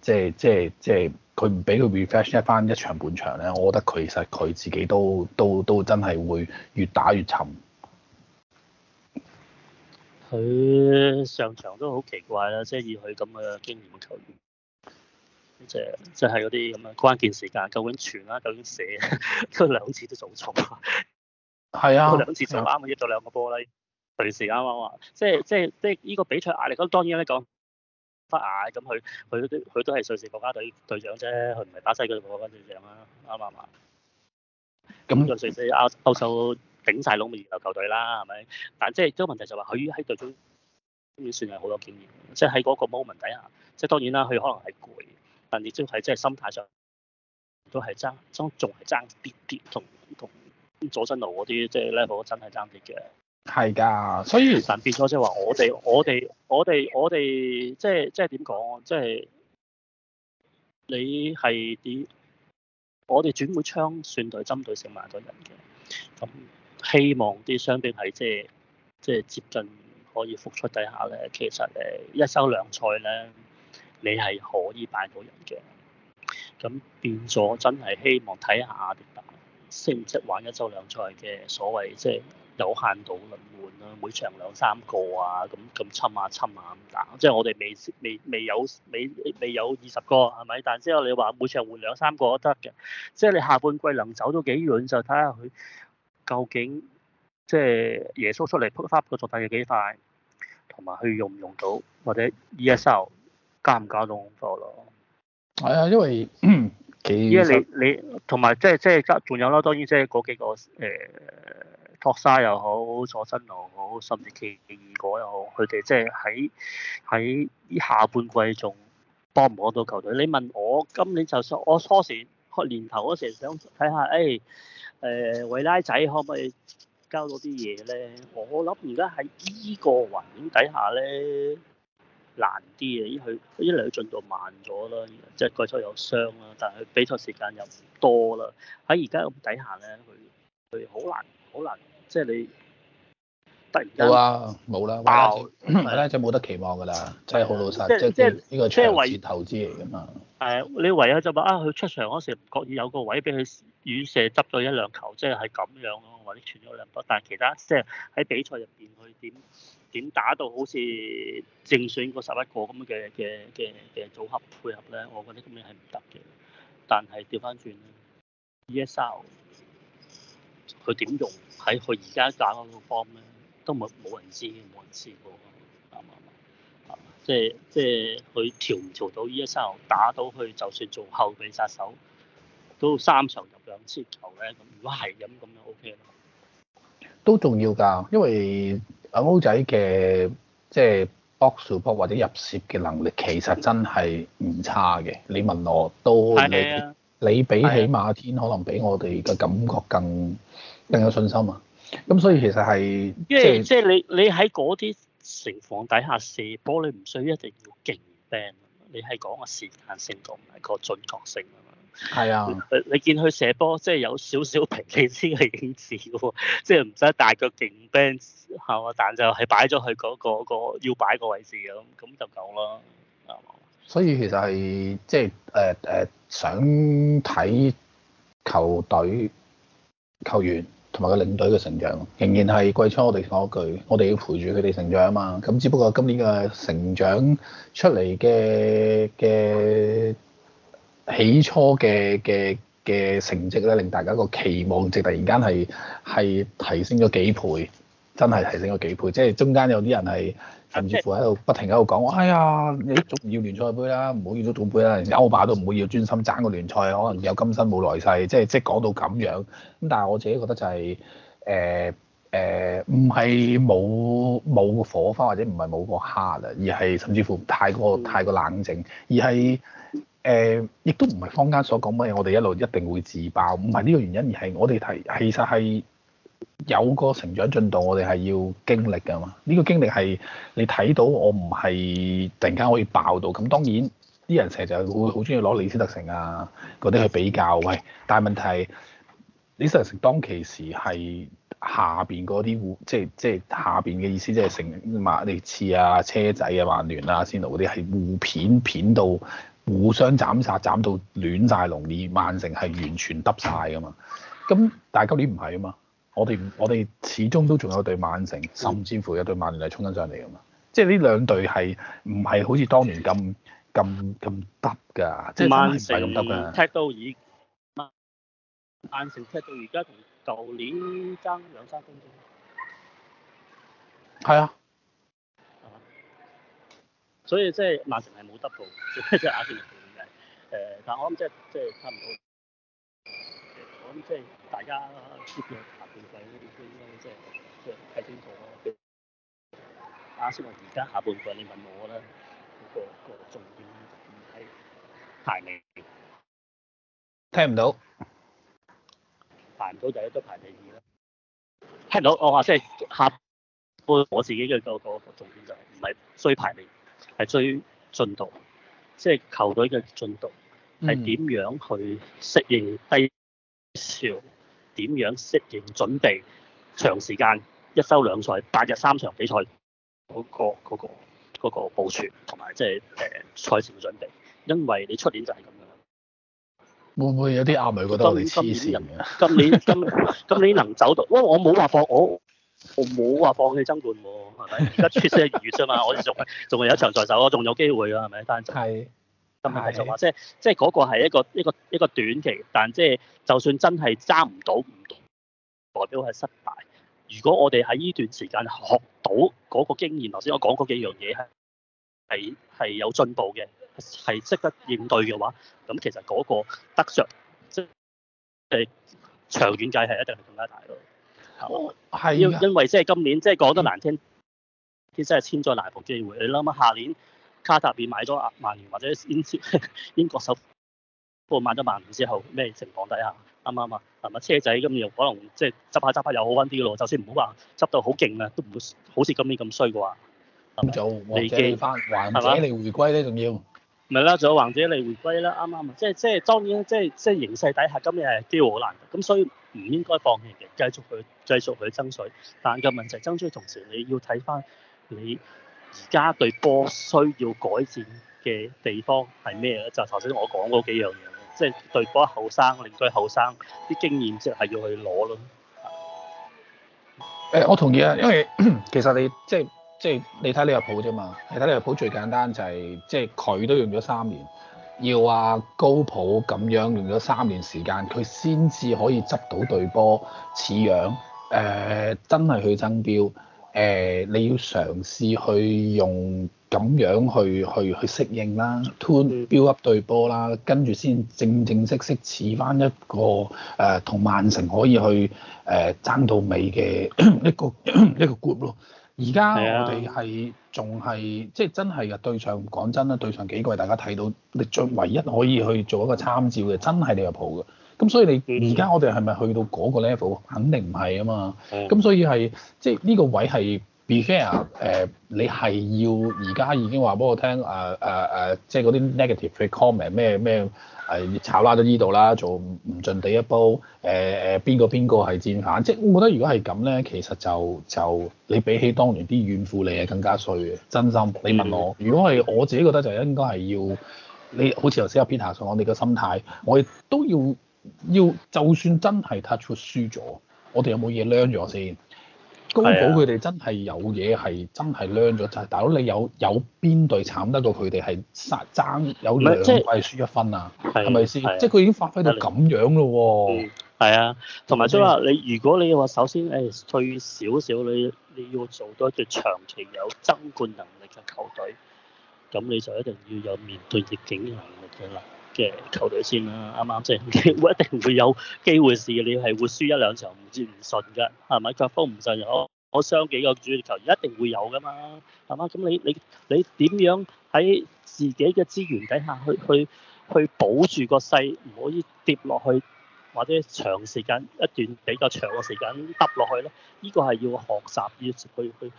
即係即係即係佢唔俾佢 refresh 一翻一場半場咧，我覺得佢其實佢自己都都都真係會越打越沉。佢上場都好奇怪啦，即係以佢咁嘅經驗嘅球員，即係即係嗰啲咁嘅關鍵時間，究竟傳啊，究竟射、啊，都 [laughs] 兩次都做錯。係啊，啊兩次就啱啊，一到兩個波啦，隨時啱啱話，即係即係即係呢個比賽壓力，咁當然咧講。花眼咁，佢佢都佢都係瑞士國家隊隊長啫，佢唔係巴西嘅國家隊隊長啊，啱唔啱啊？咁又、嗯、瑞士歐歐洲頂晒窿嘅二流球隊啦，係咪？但即係一個問題就話，佢喺隊中點算係好多經驗，即係喺嗰個 moment 底下，即係當然啦，佢可能係攰，但亦都係即係心態上都係爭爭仲係爭啲啲，同同佐真奴嗰啲即係 level 真係爭啲嘅。係㗎，所以但變咗即係話我哋我哋我哋我哋即係即係點講即係你係啲我哋轉會窗算係針對性買咗人嘅，咁希望啲傷兵係即係即係接近可以復出底下咧，其實誒一週兩賽咧，你係可以擺到人嘅，咁變咗真係希望睇下識唔識玩一週兩賽嘅所謂即係。有限度輪換啦，每場兩三個啊，咁咁侵下侵下咁打，即係我哋未未未有未未有二十個係咪？但之後你話每場換兩三個都得嘅，即係你下半季能走到幾遠就睇下佢究竟即係耶穌出嚟撲發個速度有幾快，同埋佢用唔用到，或者 E.S.L 加唔加到功課咯。係啊，因為依家你你同埋即係即係仲有啦，當然即係嗰幾個、欸博沙又好，佐真奴又好，甚至奇異果又好，佢哋即係喺喺下半季仲幫唔幫到球隊。你問我今年就算我初時開年頭嗰時想睇下，誒誒維拉仔可唔可以交到啲嘢咧？我諗而家喺依個環境底下咧，難啲啊！因為佢一嚟佢進度慢咗啦，即係季初有傷啦，但係比賽時間又唔多啦。喺而家咁底下咧，佢佢好難好難。即係你突然冇啊冇啦爆啦了、嗯、就冇得期望㗎啦，真係好老實，即係呢個長線投資嚟㗎嘛。係、即係、有你唯有就話啊，佢出場嗰時唔覺意有個位俾佢遠射執咗一兩球，即係係咁樣咯，或者傳咗兩波。但係其他即係喺比賽入邊佢點點打到好似正選嗰十一個咁嘅嘅嘅嘅組合配合咧，我覺得咁樣係唔得嘅。但係調翻轉 e s l 佢點用喺佢而家打嗰個 form 咧，都冇冇人知，冇人試過。啊，即係即係佢調唔調到依一收，打到佢就算做後備殺手，都三場入兩次球咧。咁如果係咁咁樣 O K 咯。都重要㗎，因為阿 O 仔嘅即係 box 或者入蝕嘅能力其實真係唔差嘅。你問我都你、啊、你比起馬天可能畀我哋嘅感覺更。 [laughs] 更有信心啊！咁所以其實係，即係即係你你喺嗰啲情況底下射波，你唔需要一定要勁 ban、啊、你係講個時間性同埋個準確性啊嘛。係啊，你見佢射波即係有少少脾地先嘅影子喎，即係唔使大腳勁 ban 下個彈就係擺咗去嗰個、嗰個、要擺個位置咁，咁就夠啦，啱嘛？所以其實係即係誒誒想睇球隊球員。球員同埋個領隊嘅成長，仍然係季初我哋講嗰句，我哋要陪住佢哋成長啊嘛。咁只不過今年嘅成長出嚟嘅嘅起初嘅嘅嘅成績呢，令大家個期望值突然間係係提升咗幾倍，真係提升咗幾倍。即係中間有啲人係。甚至乎喺度不停喺度講，哎呀，你仲要聯賽杯啦、啊，唔好要咗總杯啦、啊。歐霸都唔會要，專心爭個聯賽，可能有今生冇來世，即係即講到咁樣。咁但係我自己覺得就係誒誒，唔係冇冇個火花或者唔係冇個蝦啦，而係甚至乎太過太過冷靜，而係誒、呃、亦都唔係坊間所講乜嘢，我哋一路一定會自爆，唔係呢個原因，而係我哋提其實係。有個成長進度，我哋係要經歷㗎嘛？呢個經歷係你睇到，我唔係突然間可以爆到咁。當然啲人成日就會好中意攞李斯特城啊嗰啲去比較，喂，但係問題係李斯特城當其時係下邊嗰啲即係即係下邊嘅意思，即係成馬利刺啊、車仔啊、曼聯啊、仙奴嗰啲係互片片到互相斬殺，斬到亂晒龍。而曼城係完全揼晒㗎嘛。咁但係今年唔係啊嘛。我哋我哋始終都仲有一對曼城，甚至乎有一對曼聯嚟衝緊上嚟㗎嘛。即係呢兩隊係唔係好似當年咁咁咁得㗎？即係曼城踢到已，曼城踢到而家同舊年爭兩三分鐘。係啊，啊。所以即係曼城係冇得到。即係亞冠嚟計。誒，但我諗即係即係差唔多。咁即係大家接嘅下半段嗰啲都應該即係睇清楚咯。阿叔，我而家下半段你問我咧，嗰個、嗰個重點唔係排名，聽唔到？排唔到就係得排第二啦。聽唔到？我話即係下半，我自己嘅個、嗰個重點就係唔係追排名，二，係追進度，即係球隊嘅進度係點樣去適應低。潮，點樣適應準備長時間一週兩賽、八日三場比賽嗰個嗰個嗰個部署，同埋即係誒賽前嘅準備，因為你出年就係咁樣。會唔會有啲阿迷覺得你哋黐線？今年今年今你能走到，我我冇話放我我冇話放棄爭冠喎、啊。係咪而家出色二月啫嘛？我仲仲有，有一場在手，我仲有機會㗎、啊，係咪？但係。係。就話，即係即係嗰個係一個一個一個短期，但即係就算真係揸唔到唔代表係失敗。如果我哋喺呢段時間學到嗰個經驗，頭先我講嗰幾樣嘢係係係有進步嘅，係識得應對嘅話，咁其實嗰個得着即係長遠計係一定係更加大咯。係，因的因為即係今年即係講得難聽，啲真係千載難逢機會。你諗下下年。卡塔爾買咗阿曼聯或者英超英國首富買咗曼聯之後，咩情況底下？啱唔啱啊？係咪車仔咁又可能即係執下執下又好翻啲嘅咯？就算唔好話執到好勁啊，都唔會好似今年咁衰嘅話。咁就利基翻，患者你回歸咧，仲要吧。咪啦，仲有患者你回歸啦，啱唔啱啊？即係即係當然，即係即係形勢底下今幾，今年係幾好難，咁所以唔應該放棄嘅，繼續去繼續去爭取。但個問題爭取同時，你要睇翻你。而家對波需要改善嘅地方係咩咧？就頭、是、先我講嗰幾樣嘢，即、就、係、是、對波後生，令到後生啲經驗即係要去攞咯。誒、欸，我同意啊，因為其實你即係即係你睇利物浦啫嘛，你睇利物浦最簡單就係、是、即係佢都用咗三年，要阿、啊、高普咁樣用咗三年時間，佢先至可以執到對波似樣，誒、呃，真係去爭標。誒、呃，你要嘗試去用咁樣去去去適應啦，to build up 對波啦，跟住先正正式式似返一個誒，同、呃、曼城可以去誒、呃、爭到尾嘅一個一個,一個 group 咯。而家我哋係仲係，即係真係嘅對上。講真啦，對上幾季大家睇到，你最唯一可以去做一個參照嘅，真係你入譜㗎。所以你而家我哋係咪去到嗰個 level？肯定唔係啊嘛。咁所以係即係呢個位係 be fair、呃、你係要而家已經話俾我聽誒誒誒，即係嗰啲 negative comment 咩咩誒炒拉到呢度啦，做唔唔盡第一波誒誒邊個邊個係戰犯？即係我覺得如果係咁咧，其實就就你比起當年啲怨婦，你係更加衰嘅。真心你問我，如果係我自己覺得就應該係要你好似頭先阿 Peter 所講你個心態，我亦都要。要就算真係 touchwood 輸咗，我哋有冇嘢 losing 咗先？公保佢哋真係有嘢係真係 losing 咗，就係大佬你有有邊隊慘得到佢哋係爭有兩季輸一分啊？係咪先？係、係啊，即係佢已經發揮到咁樣咯喎。係啊，同埋即係話你如果你話首先誒、哎、退少少，你你要做多一隻長期有爭冠能力嘅球隊，咁你就一定要有面對逆境能力嘅啦。嘅球隊先啦，啱唔啱先？你一定會有機會嘅。你係會輸一兩場唔知唔順嘅，係咪腳風唔順，我我傷幾個主力球員一定會有噶嘛，係嘛？咁你你你點樣喺自己嘅資源底下去去去保住個勢，唔可以跌落去？或者長時間一段比較長嘅時間揼落去咧，呢、呢個係要學習要去去去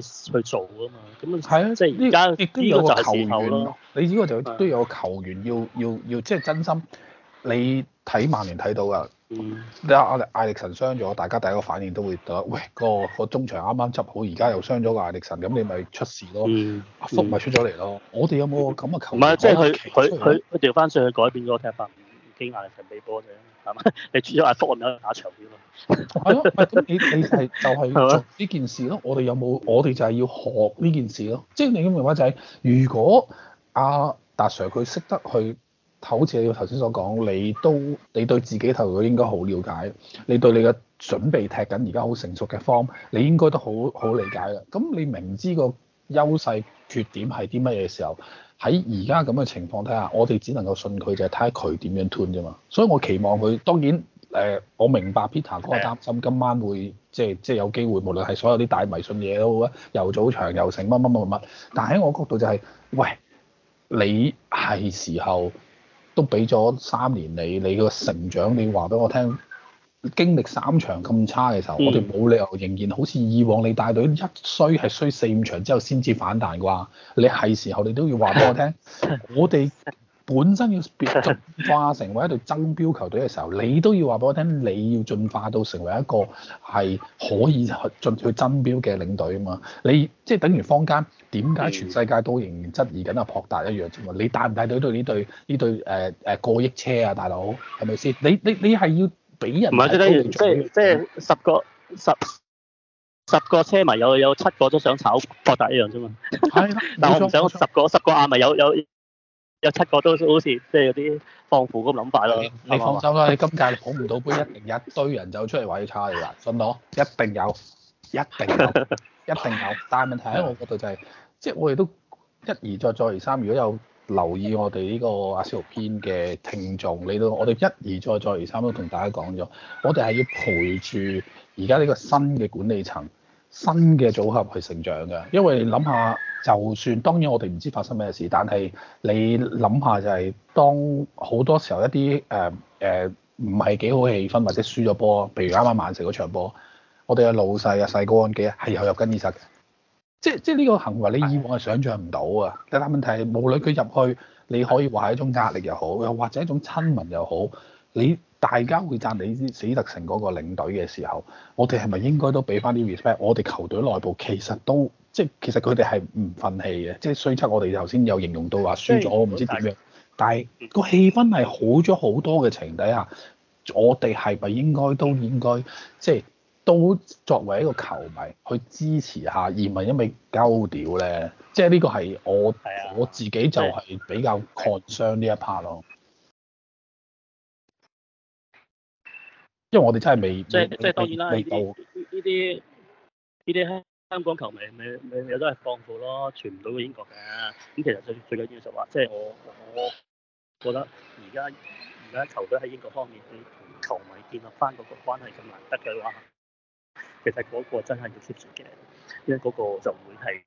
去，去做噶嘛。咁啊，係啊， [noise] 嗯、即係呢呢個球員，你呢個就都有個球員要要要，即係真心。你睇曼聯睇到啊，嗯，你啊艾力神傷咗，大家第一個反應都會覺得，喂，個、個中場啱啱執好，而家又傷咗個艾力神，咁你咪出事咯，嗯，福咪出咗嚟咯。嗯、我哋有冇咁嘅球員？唔係、嗯，是即係佢佢佢佢調翻上去佢佢改變咗踢法。 [noise] 機壓嚟準備波啫，係嘛？你除咗阿福，你咪打長遠咯。係咯，你你係就係做呢件事咯。我哋有冇？我哋就係要學呢件事咯。即、就、係、是、你咁明講就係、是，如果阿、啊、達 sir 佢識得去，好似你頭先所講，你都你對自己頭腦應該好了解，你對你嘅準備踢緊而家好成熟嘅 form，你應該都好好理解嘅。咁你明知個優勢缺點係啲乜嘢時候？喺而家咁嘅情況底下，我哋只能夠信佢就係睇下佢點樣斷啫嘛。所以我期望佢，當然誒、呃，我明白 Peter 嗰個擔心，今晚會即係即係有機會，無論係所有啲大迷信嘢都好啊，又早場又成乜乜乜乜。但喺我角度就係、是，喂，你係時候都俾咗三年你，你個成長，你話俾我聽。經歷三場咁差嘅時候，嗯、我哋冇理由仍然好似以往你帶隊一衰係衰四五場之後先至反彈啩？你係時候你都要話俾我聽， [laughs] 我哋本身要進化成為一隊爭標球隊嘅時候，你都要話俾我聽，你要進化到成為一個係可以進去爭標嘅領隊啊嘛！你即係、就是、等於坊間點解全世界都仍然質疑緊阿博達一樣啫嘛？你帶唔帶隊對呢隊呢隊誒誒、啊、過億車啊，大佬係咪先？你你你係要？畀人即係即係即係十個十十個車迷有有七個都想炒博達一樣啫嘛。係 [laughs] 但我唔想十個錯十個阿迷、啊、有有有七個都好似即係有啲放負咁諗法咯。對你放心啦！你今屆捧唔到杯一定一堆人就出嚟話要炒你哋啦。信我，一定有，一定有，一定有。定有 [laughs] 但係問題喺我角度就係、是，即、就、係、是、我哋都一而再，再而三，如果有。留意我哋呢個阿仙奴篇嘅聽眾，你都我哋一而再、再而三都同大家講咗，我哋係要陪住而家呢個新嘅管理層、新嘅組合去成長嘅。因為諗下，就算當然我哋唔知發生咩事，但係你諗下就係、是、當好多時候一啲誒誒唔係幾好氣氛或者輸咗波，譬如啱啱曼城嗰場波，我哋嘅老細啊、細高安基啊係有入更衣室嘅。即係呢個行為，你以往係想像唔到啊！但係問題係，無論佢入去，你可以話係一種壓力又好，又或者一種親民又好，你大家會贊你啲史特成嗰個領隊嘅時候，我哋係咪應該都俾翻啲 respect？我哋球隊內部其實都即係，其實佢哋係唔忿氣嘅，即係雖則我哋頭先有形容到話輸咗，的我唔知點樣，的但係個氣氛係好咗好多嘅情底下，我哋係咪應該都應該即係？都作為一個球迷去支持下，而唔係因為鳩屌咧，即係呢個係我我自己就係比較看傷呢一 part 咯。因為我哋真係未未未到呢啲呢啲香港球迷，咪咪都係放負咯，傳唔到去英國嘅。咁其實最最緊要就係話，即係我我覺得而家而家球隊喺英國方面，同球迷建立翻嗰個關係咁難得嘅話。其實嗰個真係要 keep 住嘅，因為嗰個就唔會係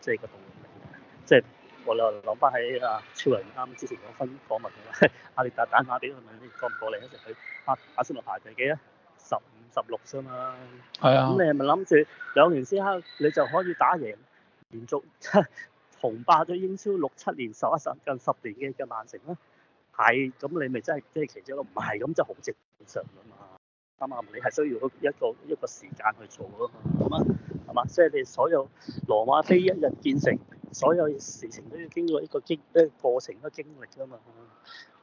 即係個動力。即係我哋話諗翻喺阿超人啱之前講分訪問嘅話，阿力達打電話俾佢問你過唔過嚟一齊睇阿阿仙奴排第幾啊？十五十六啫嘛。係啊。咁你係咪諗住兩年先刻你就可以打贏連續雄霸咗英超六七年、十一十近十年嘅嘅曼城咧？係咁，你咪真係即係其中一個唔係咁，真係好正常啊嘛～啱啊、 [music] 嗯！你係需要一個一個時間去做咯，咁啊係嘛？即係 [music] [music] 你所有羅馬非一日建成，所有事情都要經過一個經過程一個經歷噶嘛。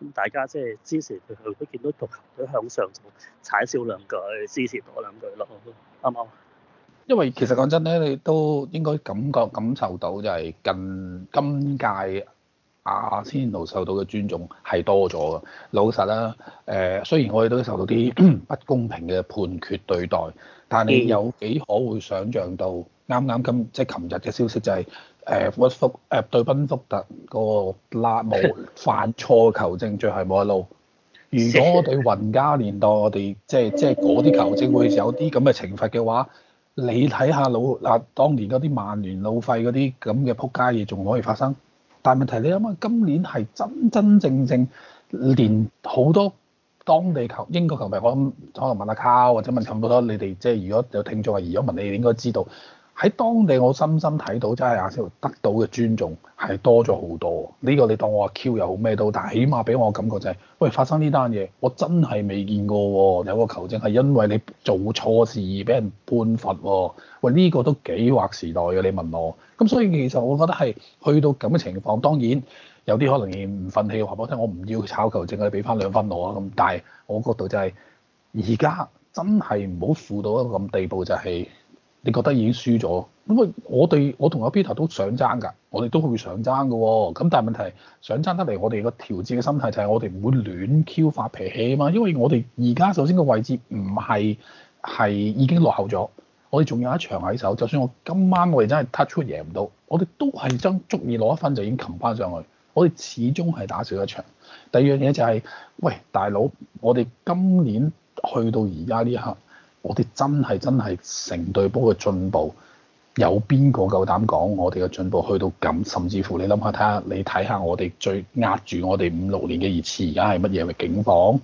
咁大家即係支持佢，都見到個球隊向上，就踩少兩句，支持多兩句咯。啱唔啱？因為其實講真咧，你都應該感覺感受到就係近今屆。阿仙奴受到嘅尊重係多咗嘅，老實啦。誒、呃，雖然我哋都受到啲 [coughs] 不公平嘅判決對待，但係你有幾可會想像到？啱啱今即係琴日嘅消息就係誒沃福誒對賓福特嗰個拉毛犯錯球證最後冇一路。如果我哋雲加年代我，我哋即係即係嗰啲球證會有啲咁嘅懲罰嘅話，你睇下老嗱，當年嗰啲曼聯老費嗰啲咁嘅撲街嘢仲可以發生？但問題你諗下，今年係真真正正連好多當地球、英國球迷，我諗可能問下、啊、卡，或者問陳寶德，你哋即係如果有聽眾如果問，你哋應該知道。喺當地我深深睇到，真係阿 s 得到嘅尊重係多咗好多。呢、這個你當我阿 Q 又好咩都，但係起碼俾我感覺就係、是，喂發生呢單嘢，我真係未見過喎、哦。有個球證係因為你做錯事而俾人判罰喎、哦。喂呢、這個都幾劃時代嘅，你問我。咁所以其實我覺得係去到咁嘅情況，當然有啲可能你唔憤氣話俾我聽，我唔要炒球證，你俾翻兩分我啊咁。但係我角度就係、是，而家真係唔好負到一個咁地步、就是，就係。你覺得已經輸咗，因為我哋我同阿 Peter 都想爭㗎，我哋都會想爭嘅喎、哦。咁但係問題，想爭得嚟，我哋個調節嘅心態就係、是、我哋唔會亂 Q 發脾氣啊嘛。因為我哋而家首先個位置唔係係已經落後咗，我哋仲有一場喺手。就算我今晚我哋真係 touch out 贏唔到，我哋都係將足以攞一分就已經擒翻上去。我哋始終係打少一場。第二樣嘢就係、是，喂大佬，我哋今年去到而家呢一刻。我哋真係真係成對波嘅進步，有邊個夠膽講我哋嘅進步去到咁？甚至乎你諗下睇下，你睇下我哋最壓住我哋五六年嘅熱刺，而家係乜嘢嘅境況？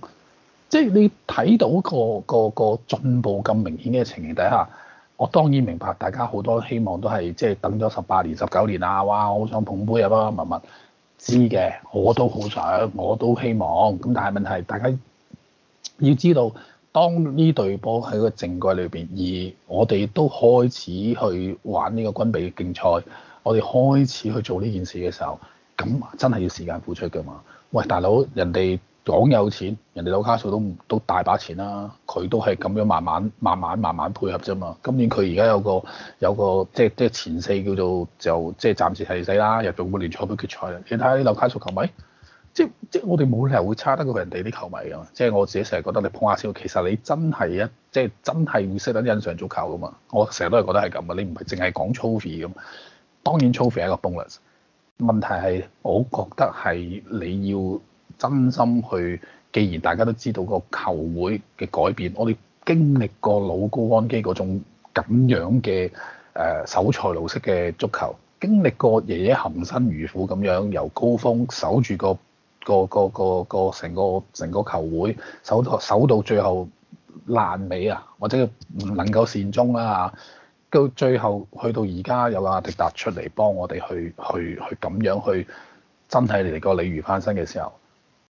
即係你睇到個個個進步咁明顯嘅情形底下，我當然明白大家好多希望都係即係等咗十八年、十九年啊！哇，我好想捧杯啊！乜乜乜知嘅，我都好想，我都希望。咁但係問題大家要知道。當呢隊波喺個正季裏邊，而我哋都開始去玩呢個軍備競賽，我哋開始去做呢件事嘅時候，咁真係要時間付出㗎嘛？喂，大佬，人哋講有錢，人哋紐卡素都都大把錢啦，啊，佢都係咁樣慢慢、慢慢、慢慢配合啫嘛。今年佢而家有個有個即即前四叫做就即暫時係死啦，入到咗聯賽杯決賽。你睇下呢紐卡素球迷。即即我哋冇理由會差得過人哋啲球迷㗎嘛！即係我自己成日覺得你捧下先，其實你真係一即係真係會識得欣賞足球㗎嘛！我成日都係覺得係咁啊！你唔係淨係講 Trophy 咁，當然 Trophy 係一個 bonus。問題係我覺得係你要真心去，既然大家都知道個球會嘅改變，我哋經歷過老高安基嗰種咁樣嘅誒、呃、守財奴式嘅足球，經歷過爺爺含辛茹苦咁樣由高峰守住個個個個個成個成個球會守到守到最後爛尾啊，或者唔能夠善終啦、啊。到最後去到而家有阿迪達出嚟幫我哋去去去咁樣去真係嚟個鯉魚翻身嘅時候，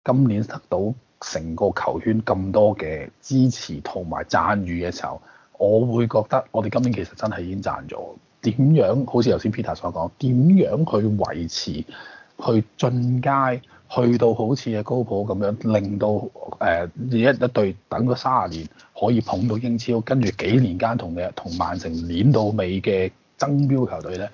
今年得到成個球圈咁多嘅支持同埋讚譽嘅時候，我會覺得我哋今年其實真係已經賺咗。點樣好似頭先 Peter 所講，點樣去維持去進階？去到好似啊高普咁樣，令到誒、呃、一一隊等咗三十年可以捧到英超，跟住幾年間同嘅同曼城攣到尾嘅爭標球隊咧，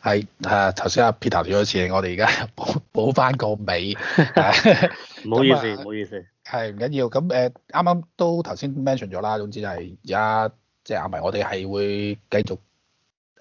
係啊頭先阿 Peter 講咗一次，我哋而家補補翻個尾。唔、 [laughs] 啊、 [laughs] 好意思，唔好意思。 [laughs] 係，唔緊要，咁誒啱啱都頭先 mention 咗啦。總之就係而家即係阿咪，我哋係會繼續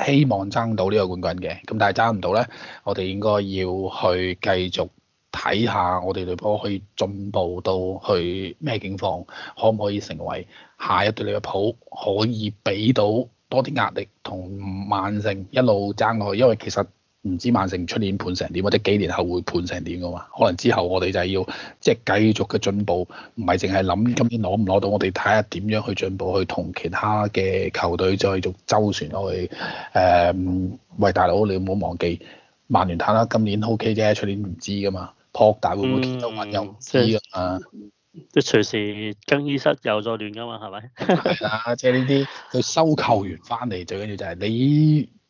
希望爭到呢個冠軍嘅。咁但係爭唔到咧，我哋應該要去繼續。睇下我哋利物浦可以進步到去咩境況，可唔可以成為下一隊利物浦可以俾到多啲壓力同曼城一路爭落去？因為其實唔知曼城出年判成點，或者幾年後會判成點噶嘛？可能之後我哋就要即係、就係、繼續嘅進步，唔係淨係諗今年攞唔攞到，我哋睇下點樣去進步，去同其他嘅球隊再做周旋落去。誒、嗯，喂，大佬，你唔好忘記曼聯睇啦，今年 OK 啫，出年唔知噶嘛。擴大會唔會見到混油呢樣啊？即係隨時更衣室又再亂噶嘛，係咪？係啦， [laughs] 即係呢啲佢收購完翻嚟，最緊要就係你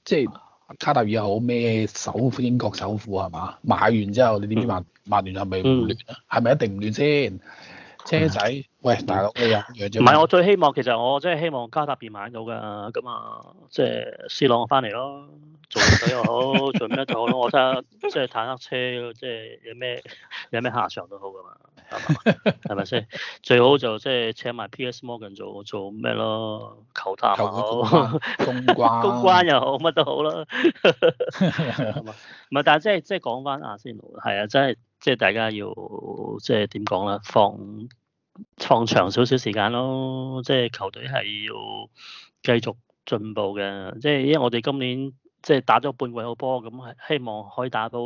即係、就是、卡達以後咩首富英國首富係嘛？買完之後你點知曼曼聯係咪亂啊？係咪、嗯嗯、一定唔亂先？車仔喂，大陸你啊，唔係我最希望，其實我真係希望加達邊買到㗎，咁啊，即係試落翻嚟咯，做乜又好，做咩都好，我睇下，即係坦克車，即係有咩有咩下場都好㗎嘛，係咪先？最好就即係請埋 P.S.Morgan 做做咩咯？求談好求，公關公關又 [laughs] 好，乜都好啦，係嘛？唔係，但係即係即係講翻阿 Sir，係啊，真係。即係大家要，即係點講啦？放放長少少時間咯。即係球隊係要繼續進步嘅。即係因為我哋今年即係打咗半季好波，咁係希望可以打到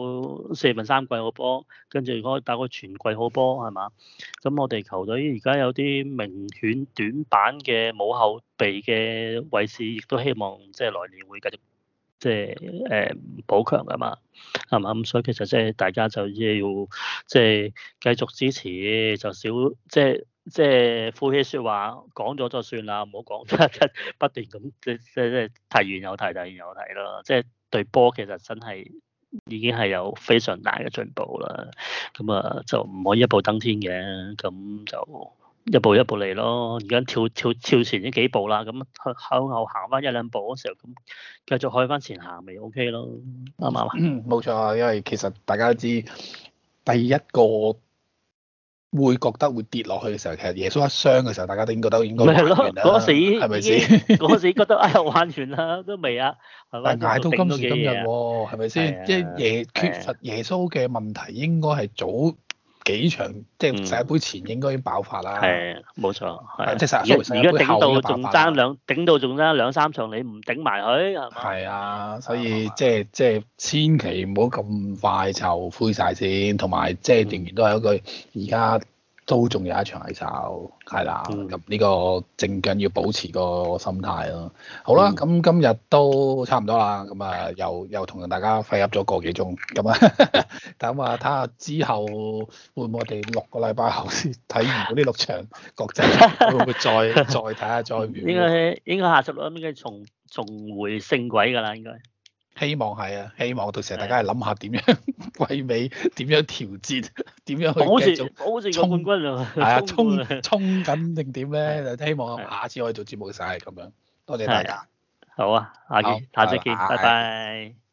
四分三季好波，跟住可以打到全季好波，係嘛？咁我哋球隊而家有啲明顯短板嘅冇後備嘅位置，亦都希望即係來年會繼續。即係誒，補強啊嘛，係嘛咁，所以其實即係大家就亦要即係繼續支持，就少即係即係敷衍說話，講咗就算啦，唔好講， [laughs] 不斷咁即即即提完又提，提完又提啦，即係對波其實真係已經係有非常大嘅進步啦，咁啊就唔可以一步登天嘅，咁就。一步一步嚟咯，而家跳跳，跳前呢幾步啦，咁向後行翻一兩步嗰時候，咁繼續開翻前行咪 OK 咯，啱唔啱？嗯，冇錯，因為其實大家都知，第一個會覺得會跌落去嘅時候，其實耶穌一傷嘅時候，大家都已經覺得已經係咯，嗰時係咪先？嗰時覺得啊，玩完啦，都未啊，但係捱到今日今日喎，係咪先？即係、啊、耶穌嘅問題應該係早。幾場即係世界盃前應該已經爆發啦，係啊、嗯，冇錯，係。而而家頂到仲爭兩頂到仲爭兩三場，你唔頂埋佢，係啊，所以、嗯、即係即係千祈唔好咁快就灰晒先。同埋即係仍然都係一句而家。都仲有一場喺手，係啦。咁呢、嗯、個正緊要保持個心態咯。好啦，咁、嗯、今日都差唔多啦。咁啊，又又同大家廢噏咗個幾鐘。咁、嗯、啊，咁啊，睇下之後會唔會我哋六個禮拜後先睇完嗰啲六場國際，會唔會再 [laughs] 再睇下再，看看再應？應該十六應該下集錄應該重重回勝軌噶啦，應該。希望係啊，希望到時啊，大家係諗下點樣季尾，點樣調節，點樣去繼續衝保持保持冠軍啊？係啊衝， [laughs] 衝衝緊定點咧？就的希望下次可以做節目嘅時候係咁樣。多謝大家，好啊，下期，好下集見，吧拜拜。拜拜拜拜